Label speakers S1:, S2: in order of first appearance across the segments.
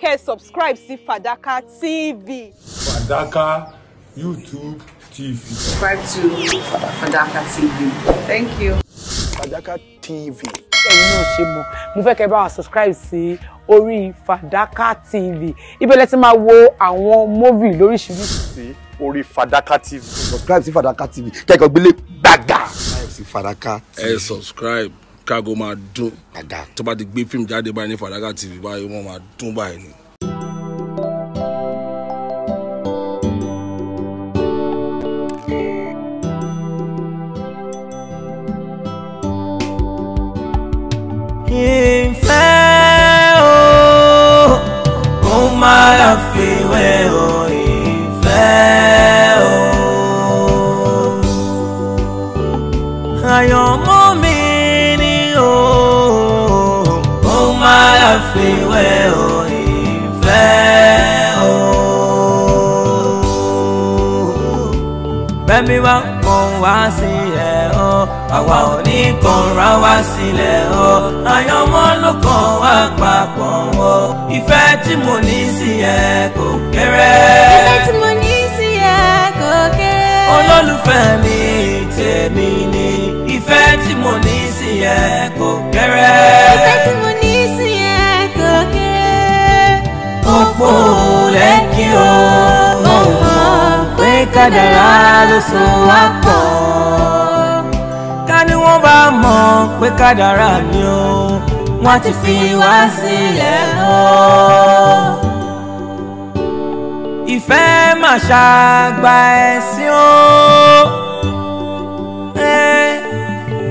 S1: kẹ́ ẹ subscribe sí Fàdákà TV.
S2: Fàdákà YouTube
S3: TV.
S1: subscribe to Fàdákà TV. thank you.
S3: Fàdákà TV. ẹ̀yin náà ṣe mọ̀ mo fẹ́ kẹ́ ẹ bá wa subscribe sí orí Fàdákà TV ibẹ̀ lẹ ti máa wo àwọn móvì lóríṣiríṣi. orí
S4: Fàdákà TV. subscribe sí Fàdákà TV kẹ́kọ̀ọ́ gbélé gbàgà. subscribe sí Fàdákà TV. ẹ
S5: subscribe chicago máa dún tó bá ti gbé fíìmù jáde báyìí ní fàdákà tv báyìí wọ́n máa dún báyìí ni.
S6: ìfẹ́ o kò má fi. wá sílẹ̀ o àwa ò ní kóra wá sílẹ̀ o àyànmọ́ ló kàn wá papọ̀ o ìfẹ́ tí mo ní sí ẹ kò kéré. ìfẹ́ tí mo ní sí ẹ kò kéré. olólùfẹ́ mi tèmi ni ìfẹ́ tí mo ní sí ẹ kò kéré. ìfẹ́ tí mo ní sí ẹ kò kéré. òpó lẹ́kì o kádàrá ló so wá pọ̀ ká ní wọ́n bá mọ̀ pé kádàrá ni ó wọ́n ti fi wá sílẹ̀ lọ. ìfẹ́ mà ṣàgbà ẹ̀sìn ó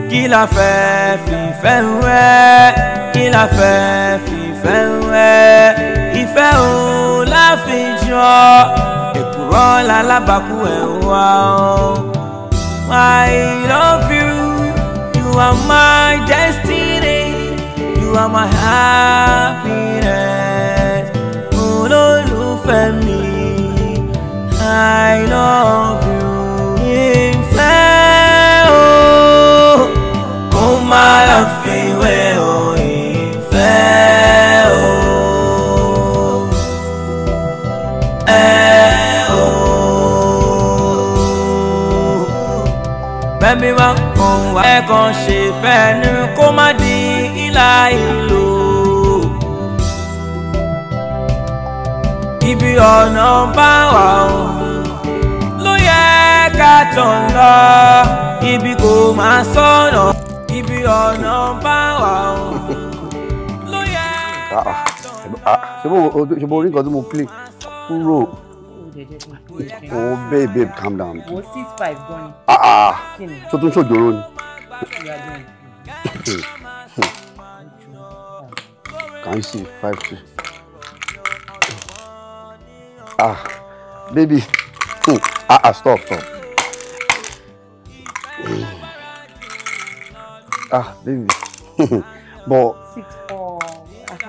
S6: kí la fẹ́ fìfẹ́ rẹ̀ kí la fẹ́ fìfẹ́ rẹ̀ ìfẹ́ ò láfi jọ èkùrọ́ lálábàkú ẹ̀ o. I love you, you are my destiny, you are my happiness. Olólùfẹ́ mi, I love you. Ìfẹ́ o, kò má lọ fi. ẹ̀kan ṣe fẹ́nu kó má di ìlà ìlò. ibi ọ̀nà bá wà ó ló yẹ ká tàn lọ ibi kò má sọ̀nà ibi ọ̀nà bá wà ó ló yẹ
S7: ká tàn ah, lọ.
S4: Ah, ṣe mo rí nǹkan tí mo play kúrò oh babe babe calm down. wo
S3: six five ah ah tó tún ṣòjòrò ni. Can
S4: you see five two? Ah, baby. oh, Ah, ah, stop, stop. Ah, baby. but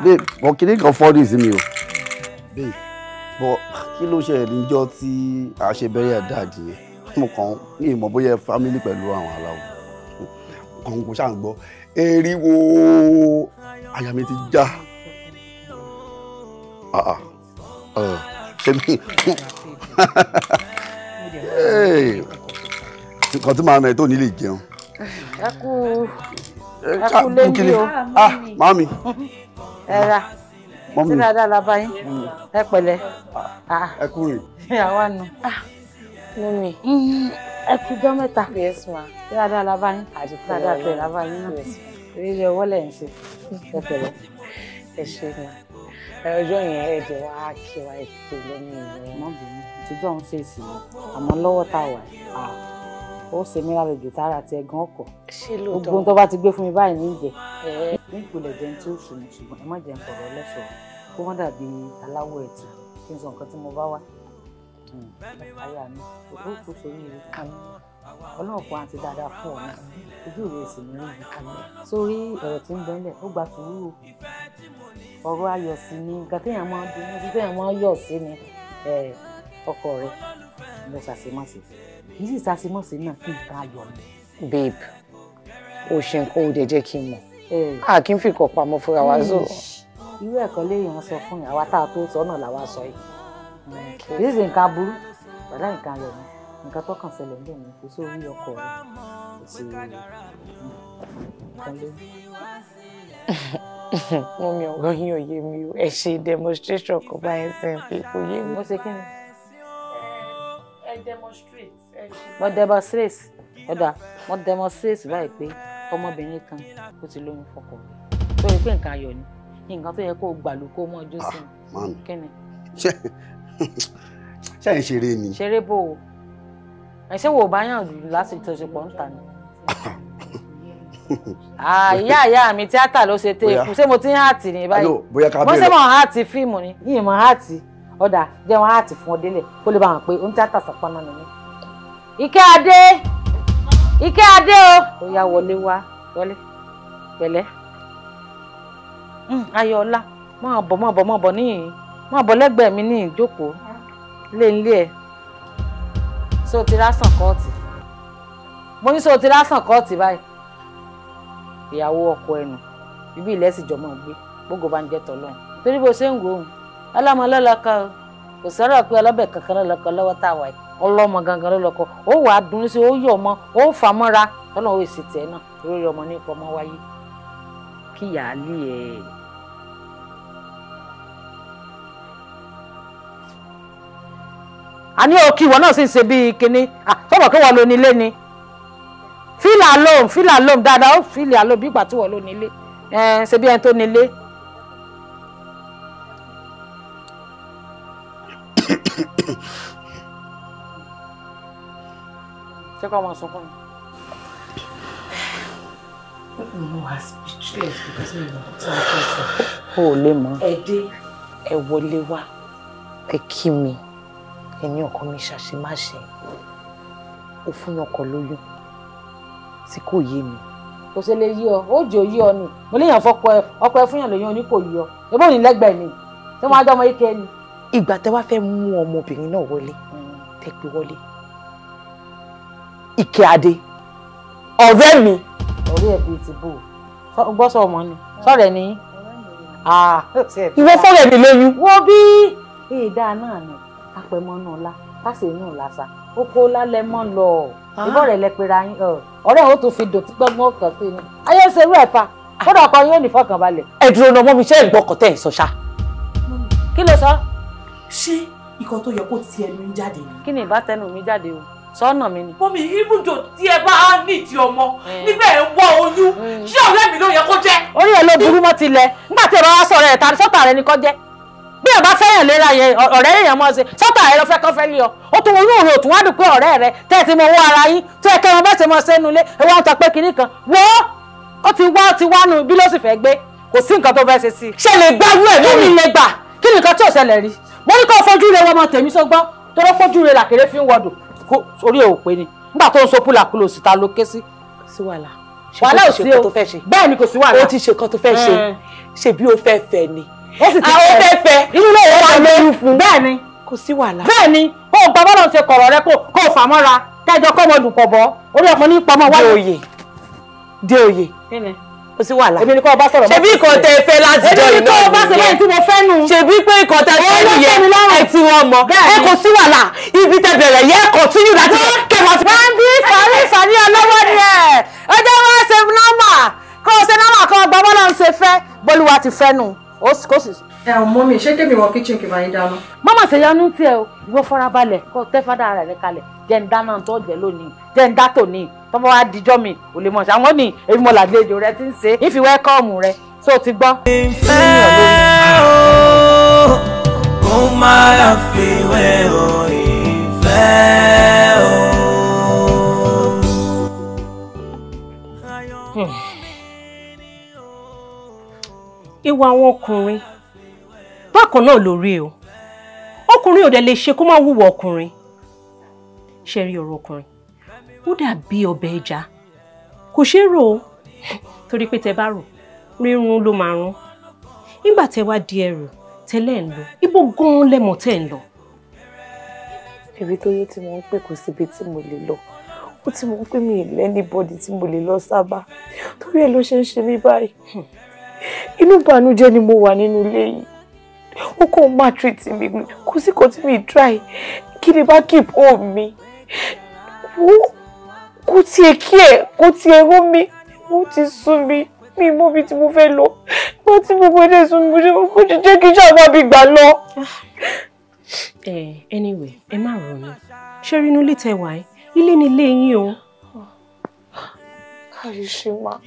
S4: Babe, but kìnìún kan fọ́ dìísí mi o. Babe, but kilo ló ṣẹlẹ̀ níjọ́ tí a ṣe bẹ́rẹ̀ àdáàdì yẹn? Mo kàn ń ìmọ̀ bóyá family pẹ̀lú àwọn aláwọ̀ kọ̀ǹkọ̀ ṣáà ń gbọ́ eriwo àyà mi ti já ah, ah. Oh, nǹkan tí màmá tó ní lè jẹun.
S8: ẹ kú ẹ kú o. ah màmí. ẹ dáadáa la bá yín hmm. ẹ pẹ̀lẹ́. Ah, ẹ kú rè. àwa nù. mọ́mí ẹ kú jọ́ mẹ́ta dáadáa la bá yín dáadáa tẹ̀ la bá yín náà eré ọwọ́ lẹ̀ ń ṣe ẹ pẹ̀lẹ́ ẹ ṣe ni ọjọ́ yẹn ẹ jẹ́ wá kí wa ètò lẹ́nu ìlú ọmọ bìnrin ìtìjọ́ ń fèsì àmọ́ lọ́wọ́ tá a wà ó ṣe mí lálejò tára ti ẹ̀gán ọkọ̀ gbogbo tó bá ti gbé fún mi báyìí ní ìjẹ́ ní ìpìlẹ̀ jẹun tí ó sùn ṣùgbọ́n ẹ má jẹun kọ̀ọ̀rọ̀ lẹ́sọ̀ọ́ kó wọ́n dàbí aláwọ̀ ẹ̀tù kí n sọ nǹkan tí mo bá wá aya mi ọlọ́ọ̀pọ̀ àti dáadáa fún ọ̀nà ojú rẹ sì ní rí àmì sórí ọ̀rọ̀ tí ń bẹ́lẹ̀ ó gba sùúrù ọ̀rọ̀ ayọ̀ sí ni nǹkan máa ń dun ní téèyàn máa ń yọ̀ sí ni ọkọ rẹ mo ṣàṣemọ́sí kì sì ṣàṣemọ́sí náà kí nǹkan ayọ̀ mi. babe o ṣe nǹkan ò dé jẹ́ kí n mọ̀ eh. a kì í fi kọ̀ pamọ́ fúnra wa zò. irú ẹ̀kọ́ léèyàn sọ fún yàrá tá a tó sọ náà làwa sọ yìí
S1: kì í ṣe nǹkan
S8: aburú bàdá nǹkan ayọ̀ ni nǹkan tó kàn ṣẹlẹ̀ níbẹ̀ ni kò sórí ọkọ̀ rẹ̀ kò nǹkan lórí.
S3: mo mi ọ̀rọ̀ yín ò mi o ẹ ṣe demonstration kò bá yẹn sẹ́yìn pé kò yé mi.
S8: mo ṣe kí ni. ẹ demonstrate. mo demonstrate ọ̀dà mo demonstrate báyìí pé ọmọbìnrin kan kò ti lóyún fọkọ tó rí pé nǹkan ayọ̀ ni nǹkan tó yẹ kó gbà kó mọ́ ọjọ́ sí i ah, kí ni
S4: ṣáà ń ṣeré ni.
S8: ṣeré bò ó ẹ̀ṣẹ́ wo bá yàn jù láti tó ṣe pọ̀ ń ta ni. Ah, ìyá ìyá mi tíátà ló ṣe tẹ ikú ṣé mo ti ń hàtì ní báyìí mo ṣe mọ̀ hàtì fíìmù ni yìí mọ̀ hàtì ọ̀dà jẹ́ wọn hàtì fún ọ délẹ̀ kó lè bá wọn pé ó ń tíátà sàpamọ́ nìyí. Ike Adé Ike Adé o ó yá wọlé wá wọlé pẹ̀lẹ́ hmm, Ayọ̀ọ́lá máa bọ̀ máa bọ̀ máa bọ̀ níyìn má bọ́ lẹ́gbẹ̀ẹ́ mi ní ìjókòó lé ń lé ẹ̀ so ti rásàn kọ́ọ̀tì mo ní so ti rásàn kọ́ọ̀tì báyìí ìyàwó ọkọ ẹnu ibi ilẹ̀ sì jọmọ gbé gbogbo bá ń jẹ́ tọ́lọ́ torí bó ṣe ń wò ó ọlọ́mọ lọ́lọ́kọ kò sọ̀rọ̀ pé ọlọ́bẹ̀ kankan lọ́lọ́kọ lọ́wọ́ tá a wà o ọlọ́mọ gangan lọ́lọ́kọ ó wà á dùn sí ó yọ̀ ọmọ ó fà mọ́ra tọ́lọ́ òsì tẹ̀ náà lórí ọmọ nípa ọmọ wáyé kíyàá lé àní òkè ìwọ náà sì ń ṣe bíi kinní sọ́mọ̀ kí wọ́n lo nílé ni fílà lóhùn fílà lóhùn dáadáa ó fílà lóhùn bí ìgbà tí wọ́n lo nílé ṣe bí ẹni tó nílé. ṣé kọ́ ọmọ sọ fún mi. mo o ò lè mọ ẹ dé ẹ wọlé wá ẹ kí mi ẹ̀yin ọkọ mi ṣàṣemáṣe ó fún ọkọ lóyún tí kò yé mi. kò ṣe lè yí ọ ó jò yí ọ ni mo léèyàn fọkọ ẹ ọkọ ẹ fúnyàn lóyún oníkò yí ọ ebó ní lẹ́gbẹ̀ẹ́ mi tí wọn á dọmọ ike ni.
S1: ìgbà tẹ wá fẹ́ mú ọmọbìnrin náà wọlé hmm. tẹ gbé wọlé
S3: ike adé ọ̀rẹ́ mi. ọ̀rẹ́
S8: ẹ̀ bíi ti bò ó gbọ́ sọ ọmọ ni sọ̀rọ̀ ah. ah, ẹ̀ nìyí. ìwọ fọ́rọ̀ ẹ̀ mi lóyún. wo bí èèdà náà ni apẹmọ́nù ọ̀la káṣí inú ọ̀la sa ó kó lálẹ́ mọ́ lọ ah. ìbọ̀ rẹ̀ lẹ pera yín ọ̀rẹ́ ò tún fi dòtí gbọ́ngbọ́n kan sí ni ayé ń serú ẹ̀ fa ah. kódà ọkọ yóò ní fọkànbalẹ̀. ẹ dúró náà mọ́mi ṣé ìgbọ́ kọ̀tẹ́ ẹ̀ sọ ṣá. kí ló sọ. ṣé ikọ̀ tó yẹ kó ti ẹnu yín jáde ni. kí ni ìbá tẹnu mi jáde o sọ́nà mi ni. mọ́mi ibùdó
S3: tí ẹ bá nídìí ọmọ eh. níbẹ̀ ẹ wọ
S8: oyún hmm. ṣé ọ̀rẹ́ mi ló yẹ kó jẹ́. orí ẹ ló burú mọ́ tilẹ̀ nígbà tí ẹ bá wá sọ̀rọ̀ ẹ̀ tàbí sọ́tà rẹ ni kò jẹ́ bí ẹ bá fẹ́yàn léra yẹn ọ̀rẹ́ èèyàn mọ̀ ṣe sọ́tà ẹ lọ fẹ́ kọ́ fẹ́ lé ọ ó tún inú òrò tún wá dùn pé ọ̀rẹ́ rẹ tẹ́ ẹ ti mọ owó ara yín tó ẹ kẹ́wọn bẹ́ẹ̀ ṣe mọ sẹ́nu ilé ẹ wọ́n ń tọ́ pé kinní kan wọ́ ó ti wá ó ti wá nu bí ló sì fẹ́ gbé kò sí nǹkan tó fẹ́ ṣe sí i. ṣe lè gbá wúrẹ̀ lórí kí ni lè gbà kí ni nǹkan tí ò ṣẹlẹ̀ rí mo ní kó fojú rẹ wọmọ tèmi sọgbọ́n tọ́rọ́ fojú rẹ làkèrè fi ń wọdù orí ẹ̀ ò pé ni nígbà tó ń so púlàkúlò síta ló ké sí. sí wàhálà wàhálà ò sí o
S3: bẹ́ẹ̀ ni kò sí wàhálà. ó ti ṣe kan tó fẹ́ ṣe ṣe bí o fẹ́ fẹ́ ni ó sì ti fẹ́ àwọn fẹ́ fẹ́ inú náà wọ́n máa lóyún fún bẹ́ẹ̀ ni kò sí wàhálà bẹ́ẹ̀ ni ó gba bọ́lọ̀ ṣe kọ̀rọ̀ rẹ kó o fà
S8: mọ́ra kẹjọ kọ́ ọmọ dùnkọ̀ bọ́ orí ọkùnrin ní pamọ́ wáyé. de oyè de oyè kò sí wàhálà èmi ni kò bá sọ̀rọ̀ ṣebí nǹkan tẹ fẹ́ láti jọ ìlú ọ̀hún èmi ni kò bá sọ̀rọ̀ èyí tí mo fẹ́ nù. ṣebí pé nǹkan tẹ fẹ́ nù yẹn ẹ ti wọn mọ ẹ kò sí wàhálà ibi tẹ bẹ̀rẹ̀ yẹ kò tún yìí láti kẹwàá ti. wọ́n bí sàrí sàrí ọlọ́wọ́ ni ẹ̀ ọjọ́ wọn ṣe nọ́mà kó o ṣe ti fẹ́ ó sì kó sì. ẹ ò mọ mi ṣé kébì wọn kíchìn kì máa ń dáná. mọ́mọ́ ṣèyanu tiẹ̀ o ìwọ farabalẹ̀ kó tẹ́ fádà rẹ̀ kalẹ̀ jẹ́ ń dáná tó jẹ́ lónìí jẹ́ ń dá tòní tọ́mọ wa dijọ́ mi ò lè mọ̀ ṣe àwọn ní èmi mọ̀ làlejò rẹ ti ń ṣe ìfi wẹ́kọ̀ọ̀mù rẹ tó o ti gbọ́. ìfẹ́ o
S6: kó má fi wẹ́ o ìfẹ́ o.
S1: ìwà àwọn ọkùnrin bákan náà ló rí o ọkùnrin ò dẹ̀ lè ṣe kó má wúwo ọkùnrin ṣe rí ọ̀rọ̀ ọkùnrin ó dàbí ọbẹ̀ ẹja kò ṣeé rò ó torí pé tẹ bá rò rírun ló máa rún nígbà tẹ wá di ẹrù tẹ́lẹ̀ ń lọ ibo gan-an lẹ́mọ̀ ń lọ.
S3: ibi tó yẹ tí mo ń pè kò síbi tí mo lè lọ ó ti mọ̀ pé mi ì lẹ́ni tí mo lè lọ sábà torí ẹ̀ ló ṣe ń ṣe mí báyìí. Hmm inú ìbànújẹ́ ni mo wà nínú ilé yìí ó kàn máa treat mi kò sí kan tí mi try kí ni bá keep home mi kò tiẹ̀ kí ẹ̀ kò tiẹ̀ ró mi ó ti sún mi mi mọ́ bí tí mo fẹ́ lọ wọ́n ti gbogbo ẹ̀dẹ̀ sún mi kò ti jẹ́ kí ṣáà máa bí gbà
S1: lọ. Eh, anyway ẹ má ronú ṣé rí inú ilé tẹ wá ẹ ilé ni ilé yín o. káyọ̀ ṣe máa.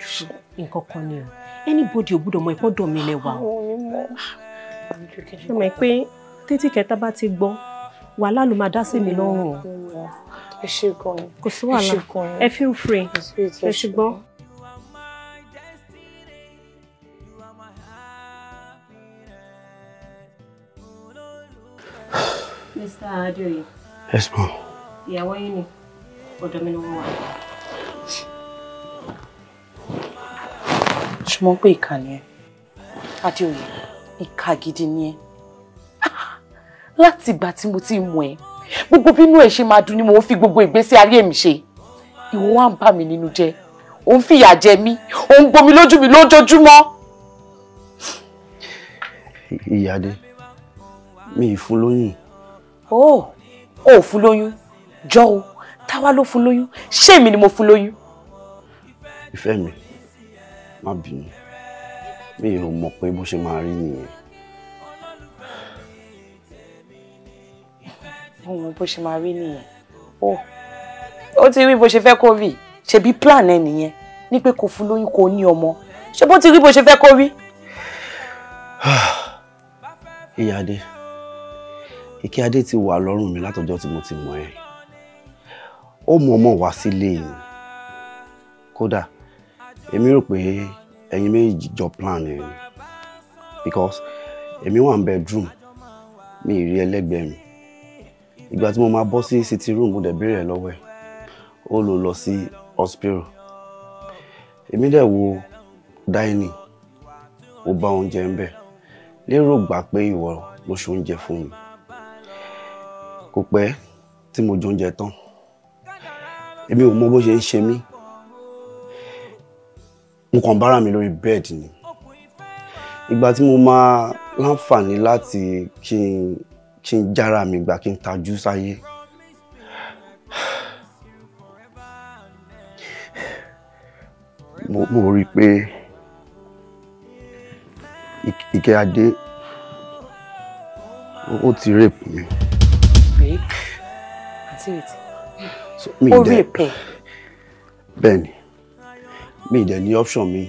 S1: nǹkan kan ni o anybody ò gbúdọ̀ mọ ẹ̀kọ́ dọ̀ mi lẹ́wà o. ṣé mo pé tètè kẹta bá ti gbọ́ wàhálà ló máa dá sí mi lọ́rùn o. ẹ ṣe gan ni kò sí wàhálà ẹ feel free ẹ ṣùgbọ́n.
S6: Mr. Adeoye. Yes, ma'am.
S8: Ìyàwó yín ni ọ̀dọ̀ mi ni wọ́n wà ṣùgbọ́n pé ìkà ni ẹ adéoyè ìkà gidi ni ẹ láti ìgbà tí mo ti mọ̀ ẹ́ gbogbo bínú ẹ ṣe máa dùn ni mo
S3: fi gbogbo ìgbésí ayé mi ṣe ìwọ wá ń bà mí nínú jẹ́ ò ń fìyà jẹ mí ò ń gbomi lójú mi lójoojúmọ́.
S4: ìyáde mi ì fún lóyún.
S3: ó ò fún lóyún jọ o táwa ló fún lóyún ṣé èmi ni mo fún lóyún.
S4: ìfẹ́ mi má bínú mi ò mọ̀ pé bó ṣe máa rí nìyẹn.
S8: ó mọ bó ṣe máa rí nìyẹn
S3: ó ó ti rí bó ṣe fẹ́ kó rí ṣebí plan ẹ nìyẹn ní pé kò fún lóyún kò ní ọmọ ṣé bó ti rí bó ṣe fẹ́ kó rí.
S4: ìyáde ìkí adé ti wà lọ́rùn mi látọjọ́ tí mo ti mọ̀ ẹ́ ó mọ̀ọ́mọ̀ wá sílé yìí kódà èmi rò pé ẹ̀yin méjì jọ plan ẹ̀ ni because èmi wà ní bedroom mi ì rí ẹlẹ́gbẹ̀ẹ́ mi ìgbà tí mo máa bọ́ sí sitting room mo dẹ̀ béèrè ẹ̀ lọ́wọ́ ẹ̀ ó lò lọ sí hospital èmi dẹ̀ wo dining ó bá oúnjẹ ń bẹ̀ lérò gbà pé ìwọ ló ṣe oúnjẹ fún mi kò pẹ́ tí mo jẹ oúnjẹ tán èmi ò mọ bó ṣe ń ṣe mí mo kàn bára mi lórí bẹ́ẹ̀dì ni ìgbà tí mo máa láǹfààní láti kí n kí n jára mi gbà kí n tajú sáyé mo rí i pé Ike Adé ó ti rape mi.
S8: rape àti ètí ó
S4: rape ẹ. bẹ́ẹ̀ ni mi ì dẹ̀ ní option mi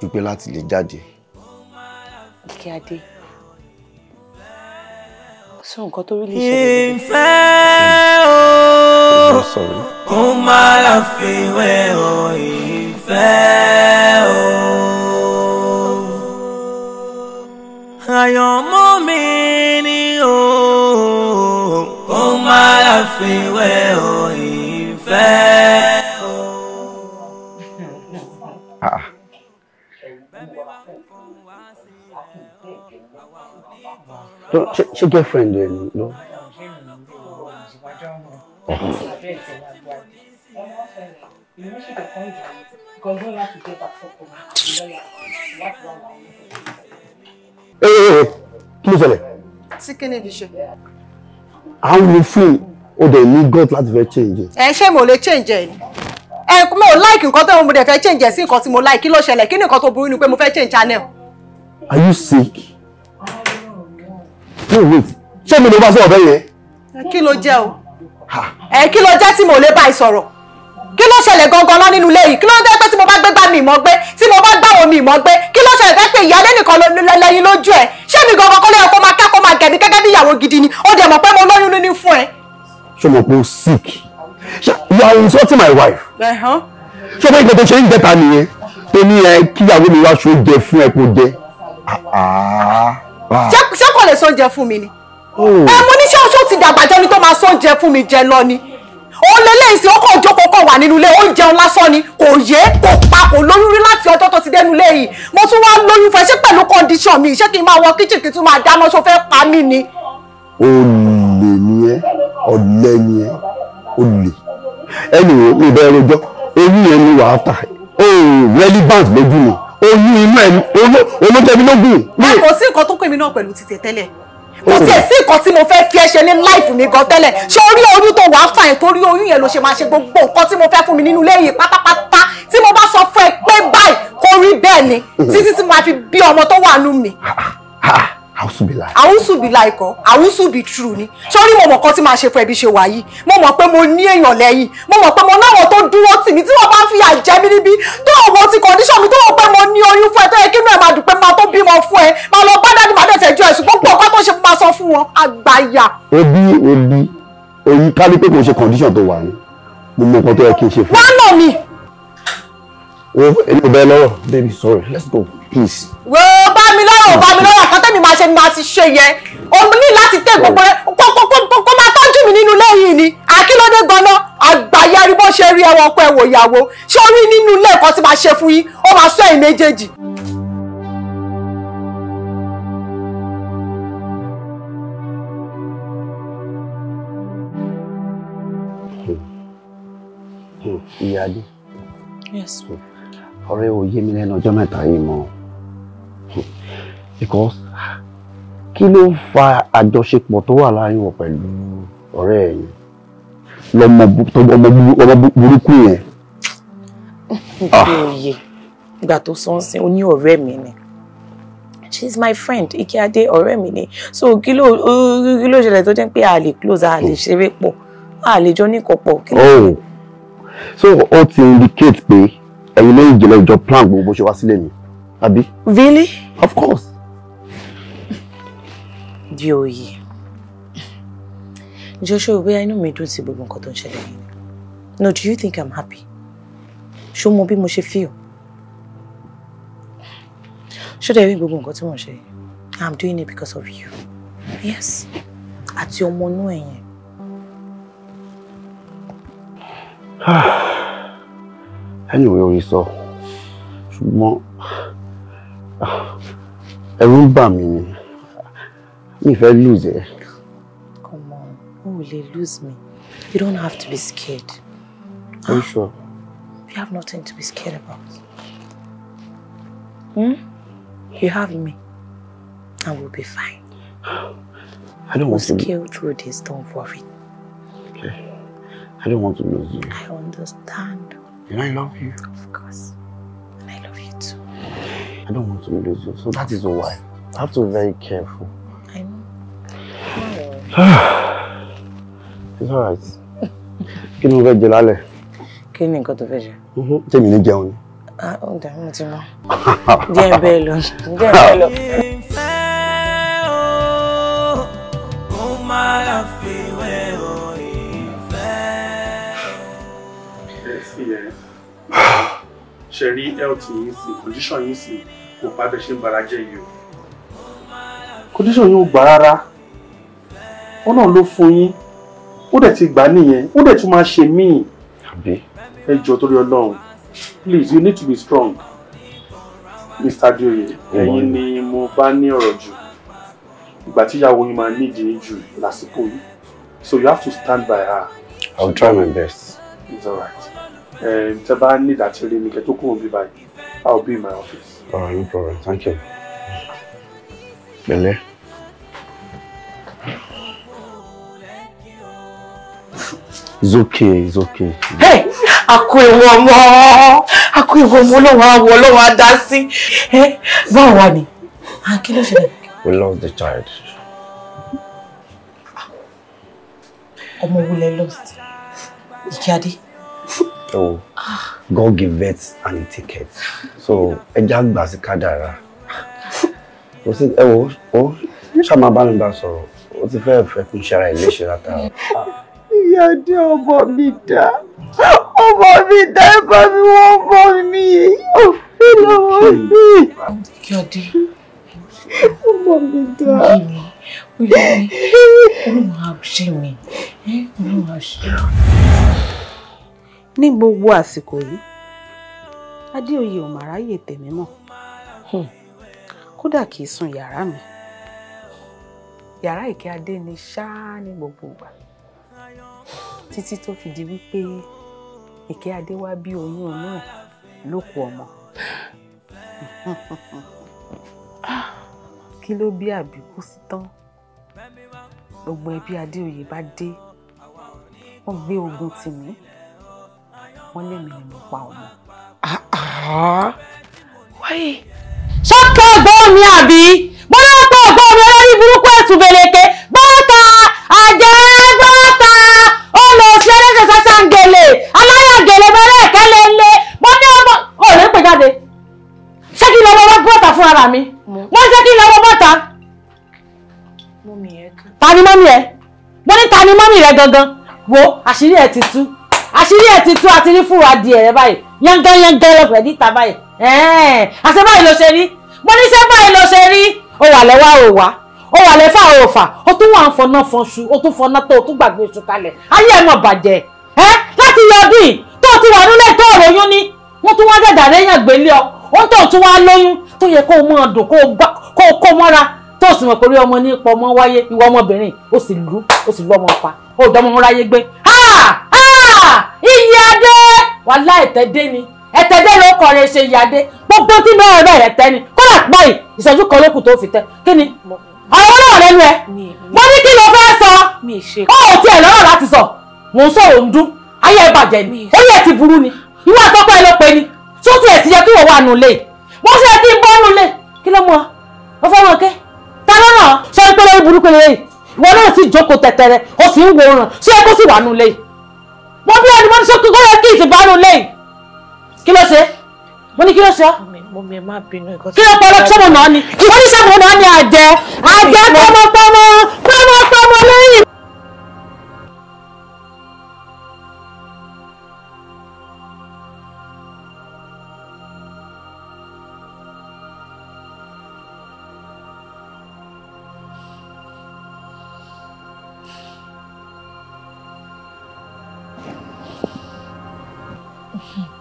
S4: ju pé láti lè jáde.
S8: Kìkì Adé,
S6: sọ nǹkan tó rí lè ṣẹlẹ̀. Ìfẹ́ o, kó má la fi wé o, ìfẹ́ o. Àyànmọ́ mi ni o, kó má fi wé o, ìfẹ́ o ṣé
S4: ah. girlfriend ẹ ni ló. no?
S6: kí
S4: ló ṣẹlẹ̀.
S9: tí kí ni ìdíṣe.
S4: à ń lo fíìmù ó dẹ̀ ní god láti fẹ́ change.
S9: ẹ ṣé mo lè change ẹ ni ẹ mo ò like nǹkan tó mo dẹ̀ fẹ́ change ẹ̀ sí nǹkan tí mo like kí ló ṣẹlẹ̀ kí ni nǹkan tó burú ni pé mo fẹ́ change channel.
S7: are you sick? no wait ṣé mi ló bá sọ̀rọ̀ bẹ́ẹ̀
S9: yẹn. kí ló jẹ́ o ẹ kí ló jẹ́ tí mo lè bá ẹ sọ̀rọ̀ kí ló ṣẹlẹ̀ gangan lọ nínú ilé yìí kí ló jẹ́ pé tí mo bá gbé gbá mi ìmọ̀ gbé tí mo bá gbá omi ìmọ̀ gbé kí ló ṣẹlẹ̀ pé ìyáálé nìkan lẹ́yìn lójú ẹ̀ ṣé mi gangan kọ́ lẹ́yìn kó máa kẹ́kọ̀ọ́ máa gẹ̀mí gẹ́gẹ́ bí ìyàwó gidi ni ó dẹ̀ mọ̀ pé mo lóyún nínú fún ẹ.
S1: ṣé mo pé o
S4: sick you are insulting my wife.
S6: ṣé
S4: bẹ́ẹ̀ gbọ́dọ̀ ṣe ń jẹta nìyẹn tó ní ẹ kíyàwó mi wá ṣó jẹ fún ẹ kó jẹ.
S6: Ah,
S4: ah.
S9: ṣé kò lè sọ jẹ fún mi ni. Oh. ẹ mo ní ṣé oṣù ti dàgbà jẹ́ ni tó máa sọ jẹ fún mi jẹ lọ ni òun lélẹ́yìn sí ọkọ̀ òjò kọ̀ọ̀kan wà nínú ilé oúnjẹ òun lásán ni kò yé kò pa kò lóyún rí láti ọjọ́ tó ti dẹ́nu ilé yìí mo tún wá lóyún fẹ́ ṣé pẹ̀lú kọ́ndíṣọ̀n mi ṣé kí n máa wọ kíchìn kí n tún máa dáná ṣó fẹ́ pa mí ni.
S2: olè ni ẹ ọ̀lẹ ni ẹ olè ẹni ìbẹ̀ ẹrọjọ́ oyún yẹn ni wàá ta
S9: relevant lójú mi oyún inú ẹni olójẹbi lógún. kò sí nǹkan tó pè mí náà pẹ̀lú tètè tẹ́lẹ̀ kò tiẹ̀ sí nǹkan tí mo fẹ́ fi ẹ ṣe ní láìfù mi gan tẹ́lẹ̀ ṣé orí oyún tó wàá fà ẹ̀ torí oyún yẹn ló ṣe máa ṣe gbogbo nǹkan tí mo fẹ́ fún mi nínú ilé yìí pátápátá tí mo bá sọ fún ẹ pé báyìí kò rí bẹ́ẹ̀ ni mm-hmm. títí tí mo fi bí ọmọ tó wà nù mí àwùsù bí láìkọ àwùsù bí true ni sọrí mo mọ̀ kan tí màá ṣe fún ẹbí ṣe wà yìí mo mọ̀ pé mo ní èèyàn lẹ́yìn mo mọ̀ pé mo náwọn tó dúró tì mí tí wọ́n bá ń fi àjẹ́ mi níbí tó ọmọ ti condition mi tó wọ́n pé mo ní oyún fún ẹ tó yẹ kí inú ẹ máa dùn pé máa tó bímọ fún ẹ máa lọ bá dáàdì máa dẹ̀ tẹ̀jú ẹ̀ ṣùgbọ́n pọ̀ kọ́ tó ṣe máa sọ fún wọn àgbàyà.
S7: ebi ebi oyin kálí pé kò ṣe
S4: condition tó wà ní mo mọ̀ kan tó yẹ kí n ṣe fún ẹ. nà mí wo èmi ò bẹ lọ́rọ̀ baby sorry let's go please.
S9: wo bá mi lọ́rọ̀ bá mi lọ́rọ̀ àkàtẹ́ mi máa ṣe ni máa ti ṣe yẹn o ní láti tẹ gbogbo rẹ kó máa tọ́jú mi nínú ilé yìí ni àkílódé gan-an àgbàyẹrí bó ṣe rí ẹwọ ọkọ ẹwọ ìyàwó ṣé ó rí nínú ilé ẹ̀kọ́ tí máa ṣe fún yín ó máa sọ èyí méjèèjì.
S4: Hmm. Hmm. Hmm. ìyáálé. yes. Hmm ọ̀rẹ́ ò yé mi lẹ́nu ọjọ́ mẹ́ta yìí mọ́ because kí ló ń fa àjọṣepọ̀ tó wà láàrin wọn pẹ̀lú ọ̀rẹ́ ẹ̀ yẹn
S7: lọmọ burúkú yẹn.
S6: Ah. òye
S3: ìgbà tó sọ ń sin oní ọ̀rẹ́ mi ni she is my friend Ikeade ọ̀rẹ́
S8: mi ni so kí ló kí ló ṣẹlẹ̀ tó jẹ́ pé a lè close a lè oh. ṣeré pọ̀ a lè jọ ní kọ̀pọ̀. Oh.
S4: so ó ti indicate pé ẹ̀yin lẹ́yìn ìjìnlẹ̀ ìjọ plan gbogbo bó ṣe wá sílé mi àbí.
S8: really. of course. di òye joshua bóyá inú mi dùn sí gbogbo nǹkan tó ń ṣẹlẹ̀ yìí no do you think i'm happy ṣó mọ bí mo ṣe feel ṣó dẹ̀ rí gbogbo nǹkan tí mo ṣe i'm doing it because of you yes àti ọmọ inú ẹ̀yẹn.
S4: anyway orí sọ ṣùgbọ́n ẹ̀rù ń bà mí ni mi fẹ́ lose ẹ.
S8: come on Who will lè lose me you don't have to be scared. are you sure. you have nothing to be scared about.
S3: Hmm? you have me and we'll be fine. I don't want we'll to. scale through this don't worry. okay
S4: I don't want to lose you.
S8: I understand.
S4: You I love you. Of course. And I love you too. I don't want to lose you, so that is why. I have to be very careful. I know. it's alright. Kí ni mo fẹ́ jẹ lálẹ́?
S8: Kí ni nǹkan tó fẹ́ jẹ?
S4: Mhm. Tèmi ní jẹun ni.
S8: Ah, ó dàá mo ti mọ̀. Díẹ̀ bẹ́ẹ̀ lọ. Díẹ̀
S6: ṣe rí health
S5: yín sí condition yín sí kò bá bẹ ṣe ń bara jẹ́ yìí o. condition yín ò gbà rárá ó náà ló fún yín ó dẹ̀ ti gbà nìyẹn ó dẹ̀ tún máa ṣe míì ẹ jọ torí Ọlọ́run please you need to be strong mr adioye ẹ̀yin ni mo bá ní ọ̀rọ̀ jù ìgbà tí ìyàwó yín máa nídìí ní jù lásìkò yìí so you have to stand by her. I will try my best. It's alright. Eh, tẹ bá ní ìdàtí rí mi kẹ tó kúrò bí báyìí I be in my office. All right, no problem.
S4: Thank you. Bele.
S3: It's okay, it's okay. Hey! Àkó ìwọ ọmọ! Àkó ìwọ ọmọ ọlọ́wọ́ àwọ̀ ọlọ́wọ́ adá sí. báwo wà ní? kí ló ṣẹlẹ̀?
S4: We lost the child.
S3: Ọmọ wo lẹ lost?
S8: Ìkíadé
S4: so God give birth and a ticket so ẹja gbà sí kádàrá kò sí ẹ wo ó ṣàmà bá mi bá sọ̀rọ̀ ó ti fẹ́ fẹ́ kún ṣe ara ẹ̀ léṣe látara.
S9: ìyá dé ọmọ mi dá ọmọ mi dá ẹ bá mi wọ́n ọmọ mi òfin
S1: lọ́wọ́ mi. kí ọdẹ ọmọ mi dá olùwà olùwà ṣe mi olùwà ṣe mi ní gbogbo àsìkò yìí adéoyè ò mà ráyè tèmi mọ́ hmm. kódà kì í sun yàrá mi yàrá ìkẹ́ adé ni ṣáá ní gbogbo ìgbà títí tó fi di wípé ìkẹ́ adé wá bí oyún oyún ẹ̀ ló kù ọmọ kí ló bí àbíkú sí tán gbogbo ẹbí adéoyè bá dé wọ́n gbé ogun tì mí wọ́n lèmi ni mo pa ọmọ. ṣọ́kà ọgbọ́n mi àbí bóyá pa ọgbọ́n mi olórí
S8: burúkú ẹ̀sùn bèrèké bọ́ọ̀tà àjẹ́ bọ́ọ̀tà olóòṣì ẹlẹ́sẹ̀ sásàǹgẹ̀lẹ̀ aláyàgẹ̀lẹ̀ bẹ́rẹ̀ kẹ́lẹ̀ lé bọ́ọ̀dé ọmọ ọ̀rẹ́ pè jáde ṣé kí lọ́wọ́ wá bọ́ọ̀tà fún ara mi wọ́n ṣé kí lọ́wọ́ bọ́ọ̀tà. ta ni mọ́mí ẹ mo ní ta ni mọ́mí rẹ gangan wo àṣírí ẹ ti tú àṣírí ẹ̀ ti tú àti rí fúnra di ẹ̀rẹ́ báyìí yángá yángá lọ́fẹ̀ẹ́ níta báyìí àṣẹ báyìí ló ṣe rí mo ní ṣe báyìí ló ṣe rí ó wà lọ́wọ́ ò wá ó wà lẹ́fà ò fà ó tún wà ń fọná fọṣu ó tún fọná tó ó tún gbàgbé oṣù kalẹ̀ ayé ẹ̀ mọ̀ bàjẹ́ láti yọ ọdún tó ti wà nílẹ̀ tó òròyún ni wọ́n tún wá dàdà lẹ́yìn gbélé ọ ó tó tún wá lóyún tó yẹ kó mọ́ ọdún kó kó mọ́ra tó sì mọ̀ pé orí ọmọ ní ipò ọmọ wáyé ìwọ ọmọbìnrin ó sì lú ó sì lú ọmọ pa ó dánmọ́ ráyé gbé iye adé wàhálà ẹ̀tẹ́dé ni ẹ̀tẹ́dé ló kọ rẹ̀ ṣe iye adé gbogbo tí bẹ́ẹ̀ bẹ́ẹ̀ ẹ̀tẹ́ ni kódà báyìí ìṣẹ́jú kan ló kù tó fi tẹ́ kí ni àwọn náà lẹ́nu ẹ̀ mo ní kí ló fẹ́ sọ ó ò tiẹ̀ lọ́rọ̀ láti sọ mò ń sọ̀rọ̀ ń dún ayé ẹ̀ bàjẹ́ ni orí ẹ̀ ti burú ni ìwọ àtọ́kọ́ ẹ ló pe ni tó ti ẹ̀ sì yẹ kí wọ́n wà nulẹ̀ wọ́n ṣe kí n bọ́ nulẹ̀ kí ló mú ọ wọ́n fẹ́ mọ ké ta lọ́nà ṣe ń pẹ́ lórí burúkú lè yìí ìwọ náà sì jókòó tẹ̀tẹ̀rẹ̀ ó sì ń wo ọ̀ràn ṣé ẹ kó sì wà nulẹ̀ yìí mo bí ẹni mo ní sókè kó yẹ kí ìtìbánu lẹ́yìn kí ló ṣe mo ní kí ló ṣe ọ́. mo mi má bínú ẹ̀kọ́ tí. kí ló pọ̀ lọ sọ́mù náà ni oníṣègùn náà ni àjẹ àjẹ pọmọpọmọ pọmọpọmọ lẹ́yìn. 嗯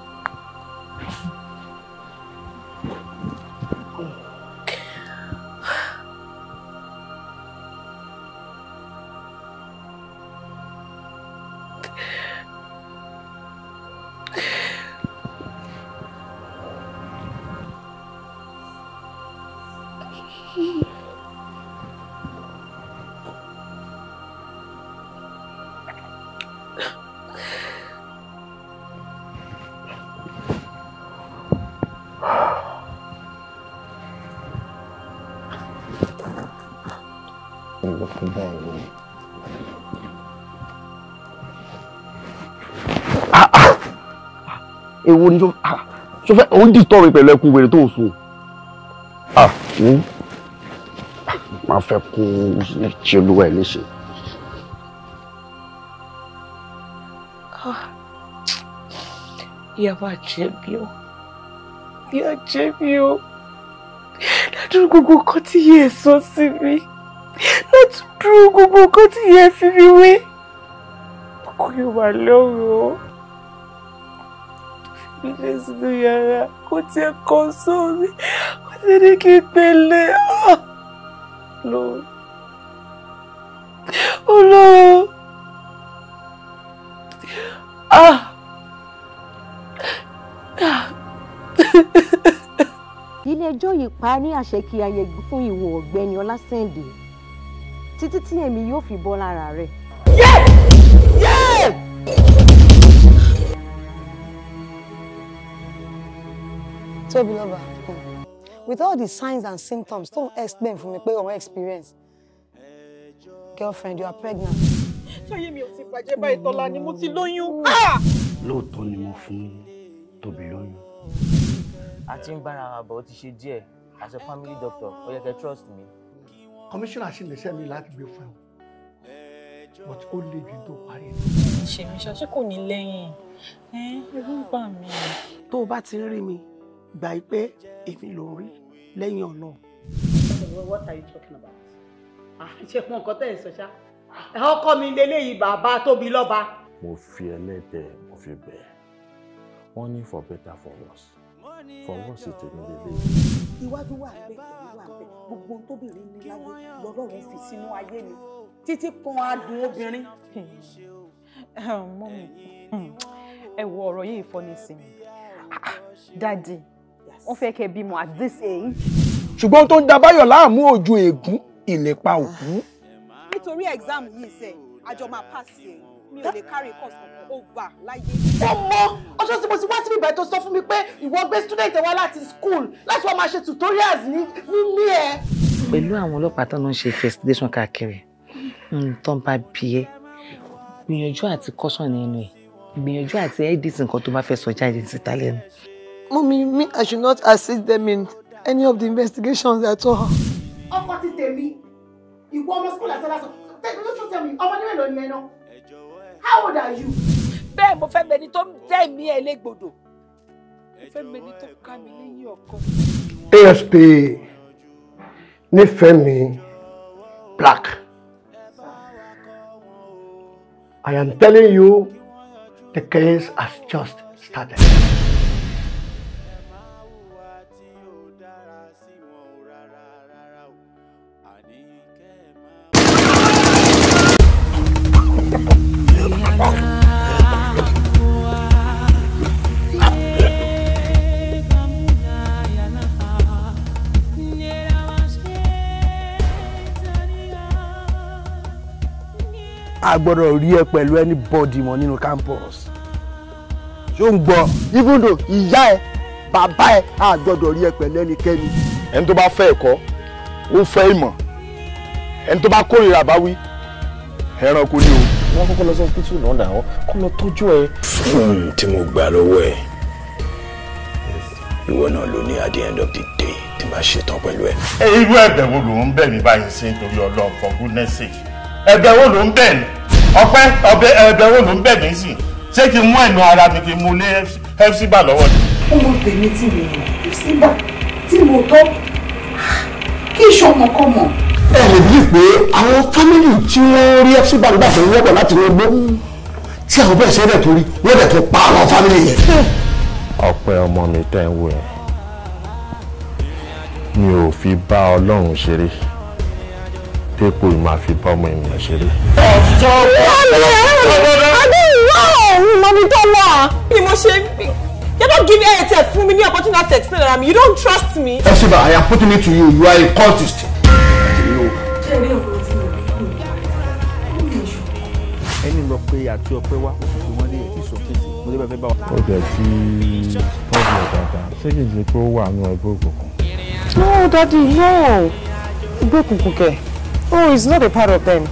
S10: bẹ́ẹ̀ ah, ah. ni. èwo ni ṣó fẹ́ òun dìtọ́ mi pẹ̀lú ẹkún wèrè tó ń sun
S4: ah, máa fẹ́ kú ṣe olúwa ẹ̀ léṣe.
S3: ìyá máa jẹ mí o ìyá jẹ mí o dúró gbogbo nǹkan tí ìyẹn fi mi wé kò yóò wà lọ́rùn o ilé sínú yàrá kò tiẹ̀ kọ́ sómi kò tiẹ̀ ní kí n pẹ̀lẹ́ lọ́wọ́
S1: olówó ah ilé ẹjọ́ yìí pa á ní àṣẹ kí ayẹyẹ fún ìwọ ọ̀gbẹ́ni ọlásẹ̀ǹdẹ̀
S8: títí tí èmi yóò fi bọ́ lára rẹ̀. yẹ́ẹ̀ yẹ́ẹ̀.
S9: Tobiloba hmm. with all the signs and symptoms don't explain fún mi pé òun experience
S3: girlfriend you are pregnant. ṣáyé mi ò ti bàjẹ́ báyìí tọ́lá ni mo ti lóyún.
S10: Hmm. Ah!
S4: lóòótọ́ ni mo fún Tóbi lóyún.
S10: a ti ń bára wa bọ̀ ó ti ṣe díẹ̀ as a family doctor ó yẹ kẹ́ trust me. Commissioner, sì lẹ́sẹ̀ mi láti gbé fún ẹ o but ó le jù tó parí. ìṣèmíṣà ṣé
S1: kò ní lẹ́yìn ẹ̀rù ń bà mí. tó o bá ti ń rí mi gbà í pé èmi ló rí lẹ́yìn ọ̀nà. what are you talking about?
S9: ṣe pọn nǹkan tẹ̀ ẹ̀ sọ ṣá ọkọ mi lélẹ́yìí bàbá tóbi lọ́ba.
S10: mo fi ẹlẹ́dẹ̀ẹ́ mo fi bẹ̀ẹ́ wọ́n ní for better for worse fọwọ́ sí tèmi lélẹ̀.
S3: iwájú wà ń bẹ èyí wà ń gbogbo ohun tóbìnrin ní láyé lọ́lọ́run fi sínú ayé mi
S1: títí kan adùn obìnrin. mọ́mí hmm. ẹ wo ọ̀rọ̀ yìí fọ́ni sí mi ah, dadi wọ́n fẹ́ kẹ́ bímọ at this age.
S11: ṣùgbọ́n tó ń da báyọ̀ láàmú ojú ègún ìlépa
S3: òkú. Ah.
S1: nítorí exam yìí sẹ́ àjọ máa pass yẹn mi ò lè carry course kankan over láyé.
S3: ó mọ ọjọ́ tí mo ti wá síbi ìbàdàn tó sọ fún mi pé ìwọ gbé student wá láti school láti wá máa ṣe tutorials ní nílé ẹ.
S1: pẹ̀lú àwọn ọlọ́pàá tó ń ṣe investigation káàkiri tó ń bá bí ẹ gbìyànjú àti caution nínú ẹ gbìyànjú àti edit nǹkan tó bá fẹ́ sọ jáde síta lẹ́nu.
S9: Mummy, me, I should not assist them in any of the investigations at all.
S1: ọkọ ti tèmi ìwọ ọmọ school àti aláṣọ tẹ̀lé ló tún tẹ̀mí ọmọ nílẹ̀ lónìí ẹ̀ náà how old are you. bẹ́ẹ̀ mo fẹ́ mẹni tó jẹ́ mi ẹ̀ légbodò mo fẹ́ mẹni tó ká mi lẹ́yìn ọkàn.
S10: asp nífẹ̀mí black i am telling you the case has just started.
S11: a gbọ́dọ̀ rí ẹ pẹ̀lú anybody mọ́ nínú campus
S10: ṣó ń gbọ́ even though ìyá ẹ bàbá ẹ a gbọ́dọ̀ rí ẹ pẹ̀lú ẹnikẹ́ni. ẹni tó bá fẹ́ ẹ̀kọ́ ó fẹ́ ìmọ̀
S7: ẹni tó bá kórìíra bá wí ẹranko ni o. wọ́n kọ́kọ́ lọ sí hospital náà náà kó lọ tọ́jú ẹ. fóònù tí mo gbà lọ́wọ́ ẹ̀ ìwọ náà ló ní at the end of the day tí màá ṣetán pẹ̀lú ẹ.
S10: irú ẹ̀bẹ̀ wo ló ń bẹ̀ mí báyìí sí nítorí Ọlọ́run for goodness sake ẹ̀bẹ̀ wo ló ń bẹ̀ mí ọpẹ́ ọbẹ̀ ẹ̀bẹ̀ wo ló ń bẹ̀ mí sí ṣé kí n mú ẹ̀nu ara mi kí n mú lé fcba lọ́wọ́ ni. ọmọ tèmi ti lè rìn fcba tí mo tọ́ kí ìṣọmọkọmọ. ẹ lè bí pé
S1: àwọn fámìlì tí wọ́n rí fcba nígbà tó ń wọ́pọ̀ láti wọ́n gbó tí àwọn bẹ́ẹ̀
S11: sẹ́dẹ̀ torí wọ́n dẹ̀ tó pa
S4: àwọn fámìlì yẹn.
S10: ọpẹ́ ọmọ mi tẹ́ ń wò ẹ́ mi ò fi bá ọlọ́run ṣeré téèpù máa fi bá ọmọ ènìyàn ṣeré.
S6: adéwà
S3: òun mọ̀mí dọ́là ni mo ṣe ń You don't give me anything fún mi ní opportunity to explain that I mean you don't trust me.
S10: Esiba, I am putting it to you, you are a cultist. Ẹni lọ pé àti ọpẹ́ wá, ó fi wọ́n lé ètí sọ́kèsì, mo lè bẹ̀ fẹ́ bá wa. Ó
S5: jẹ́ tí pọ́ọ̀bù ọ̀dàdà, ṣé ṣe pé ó wà ní ẹgbẹ́ òkùnkùn?
S1: No, Daddy, no. Ẹgbẹ́ òkùnkùn kẹ̀. Oh,
S9: he's not a part of them.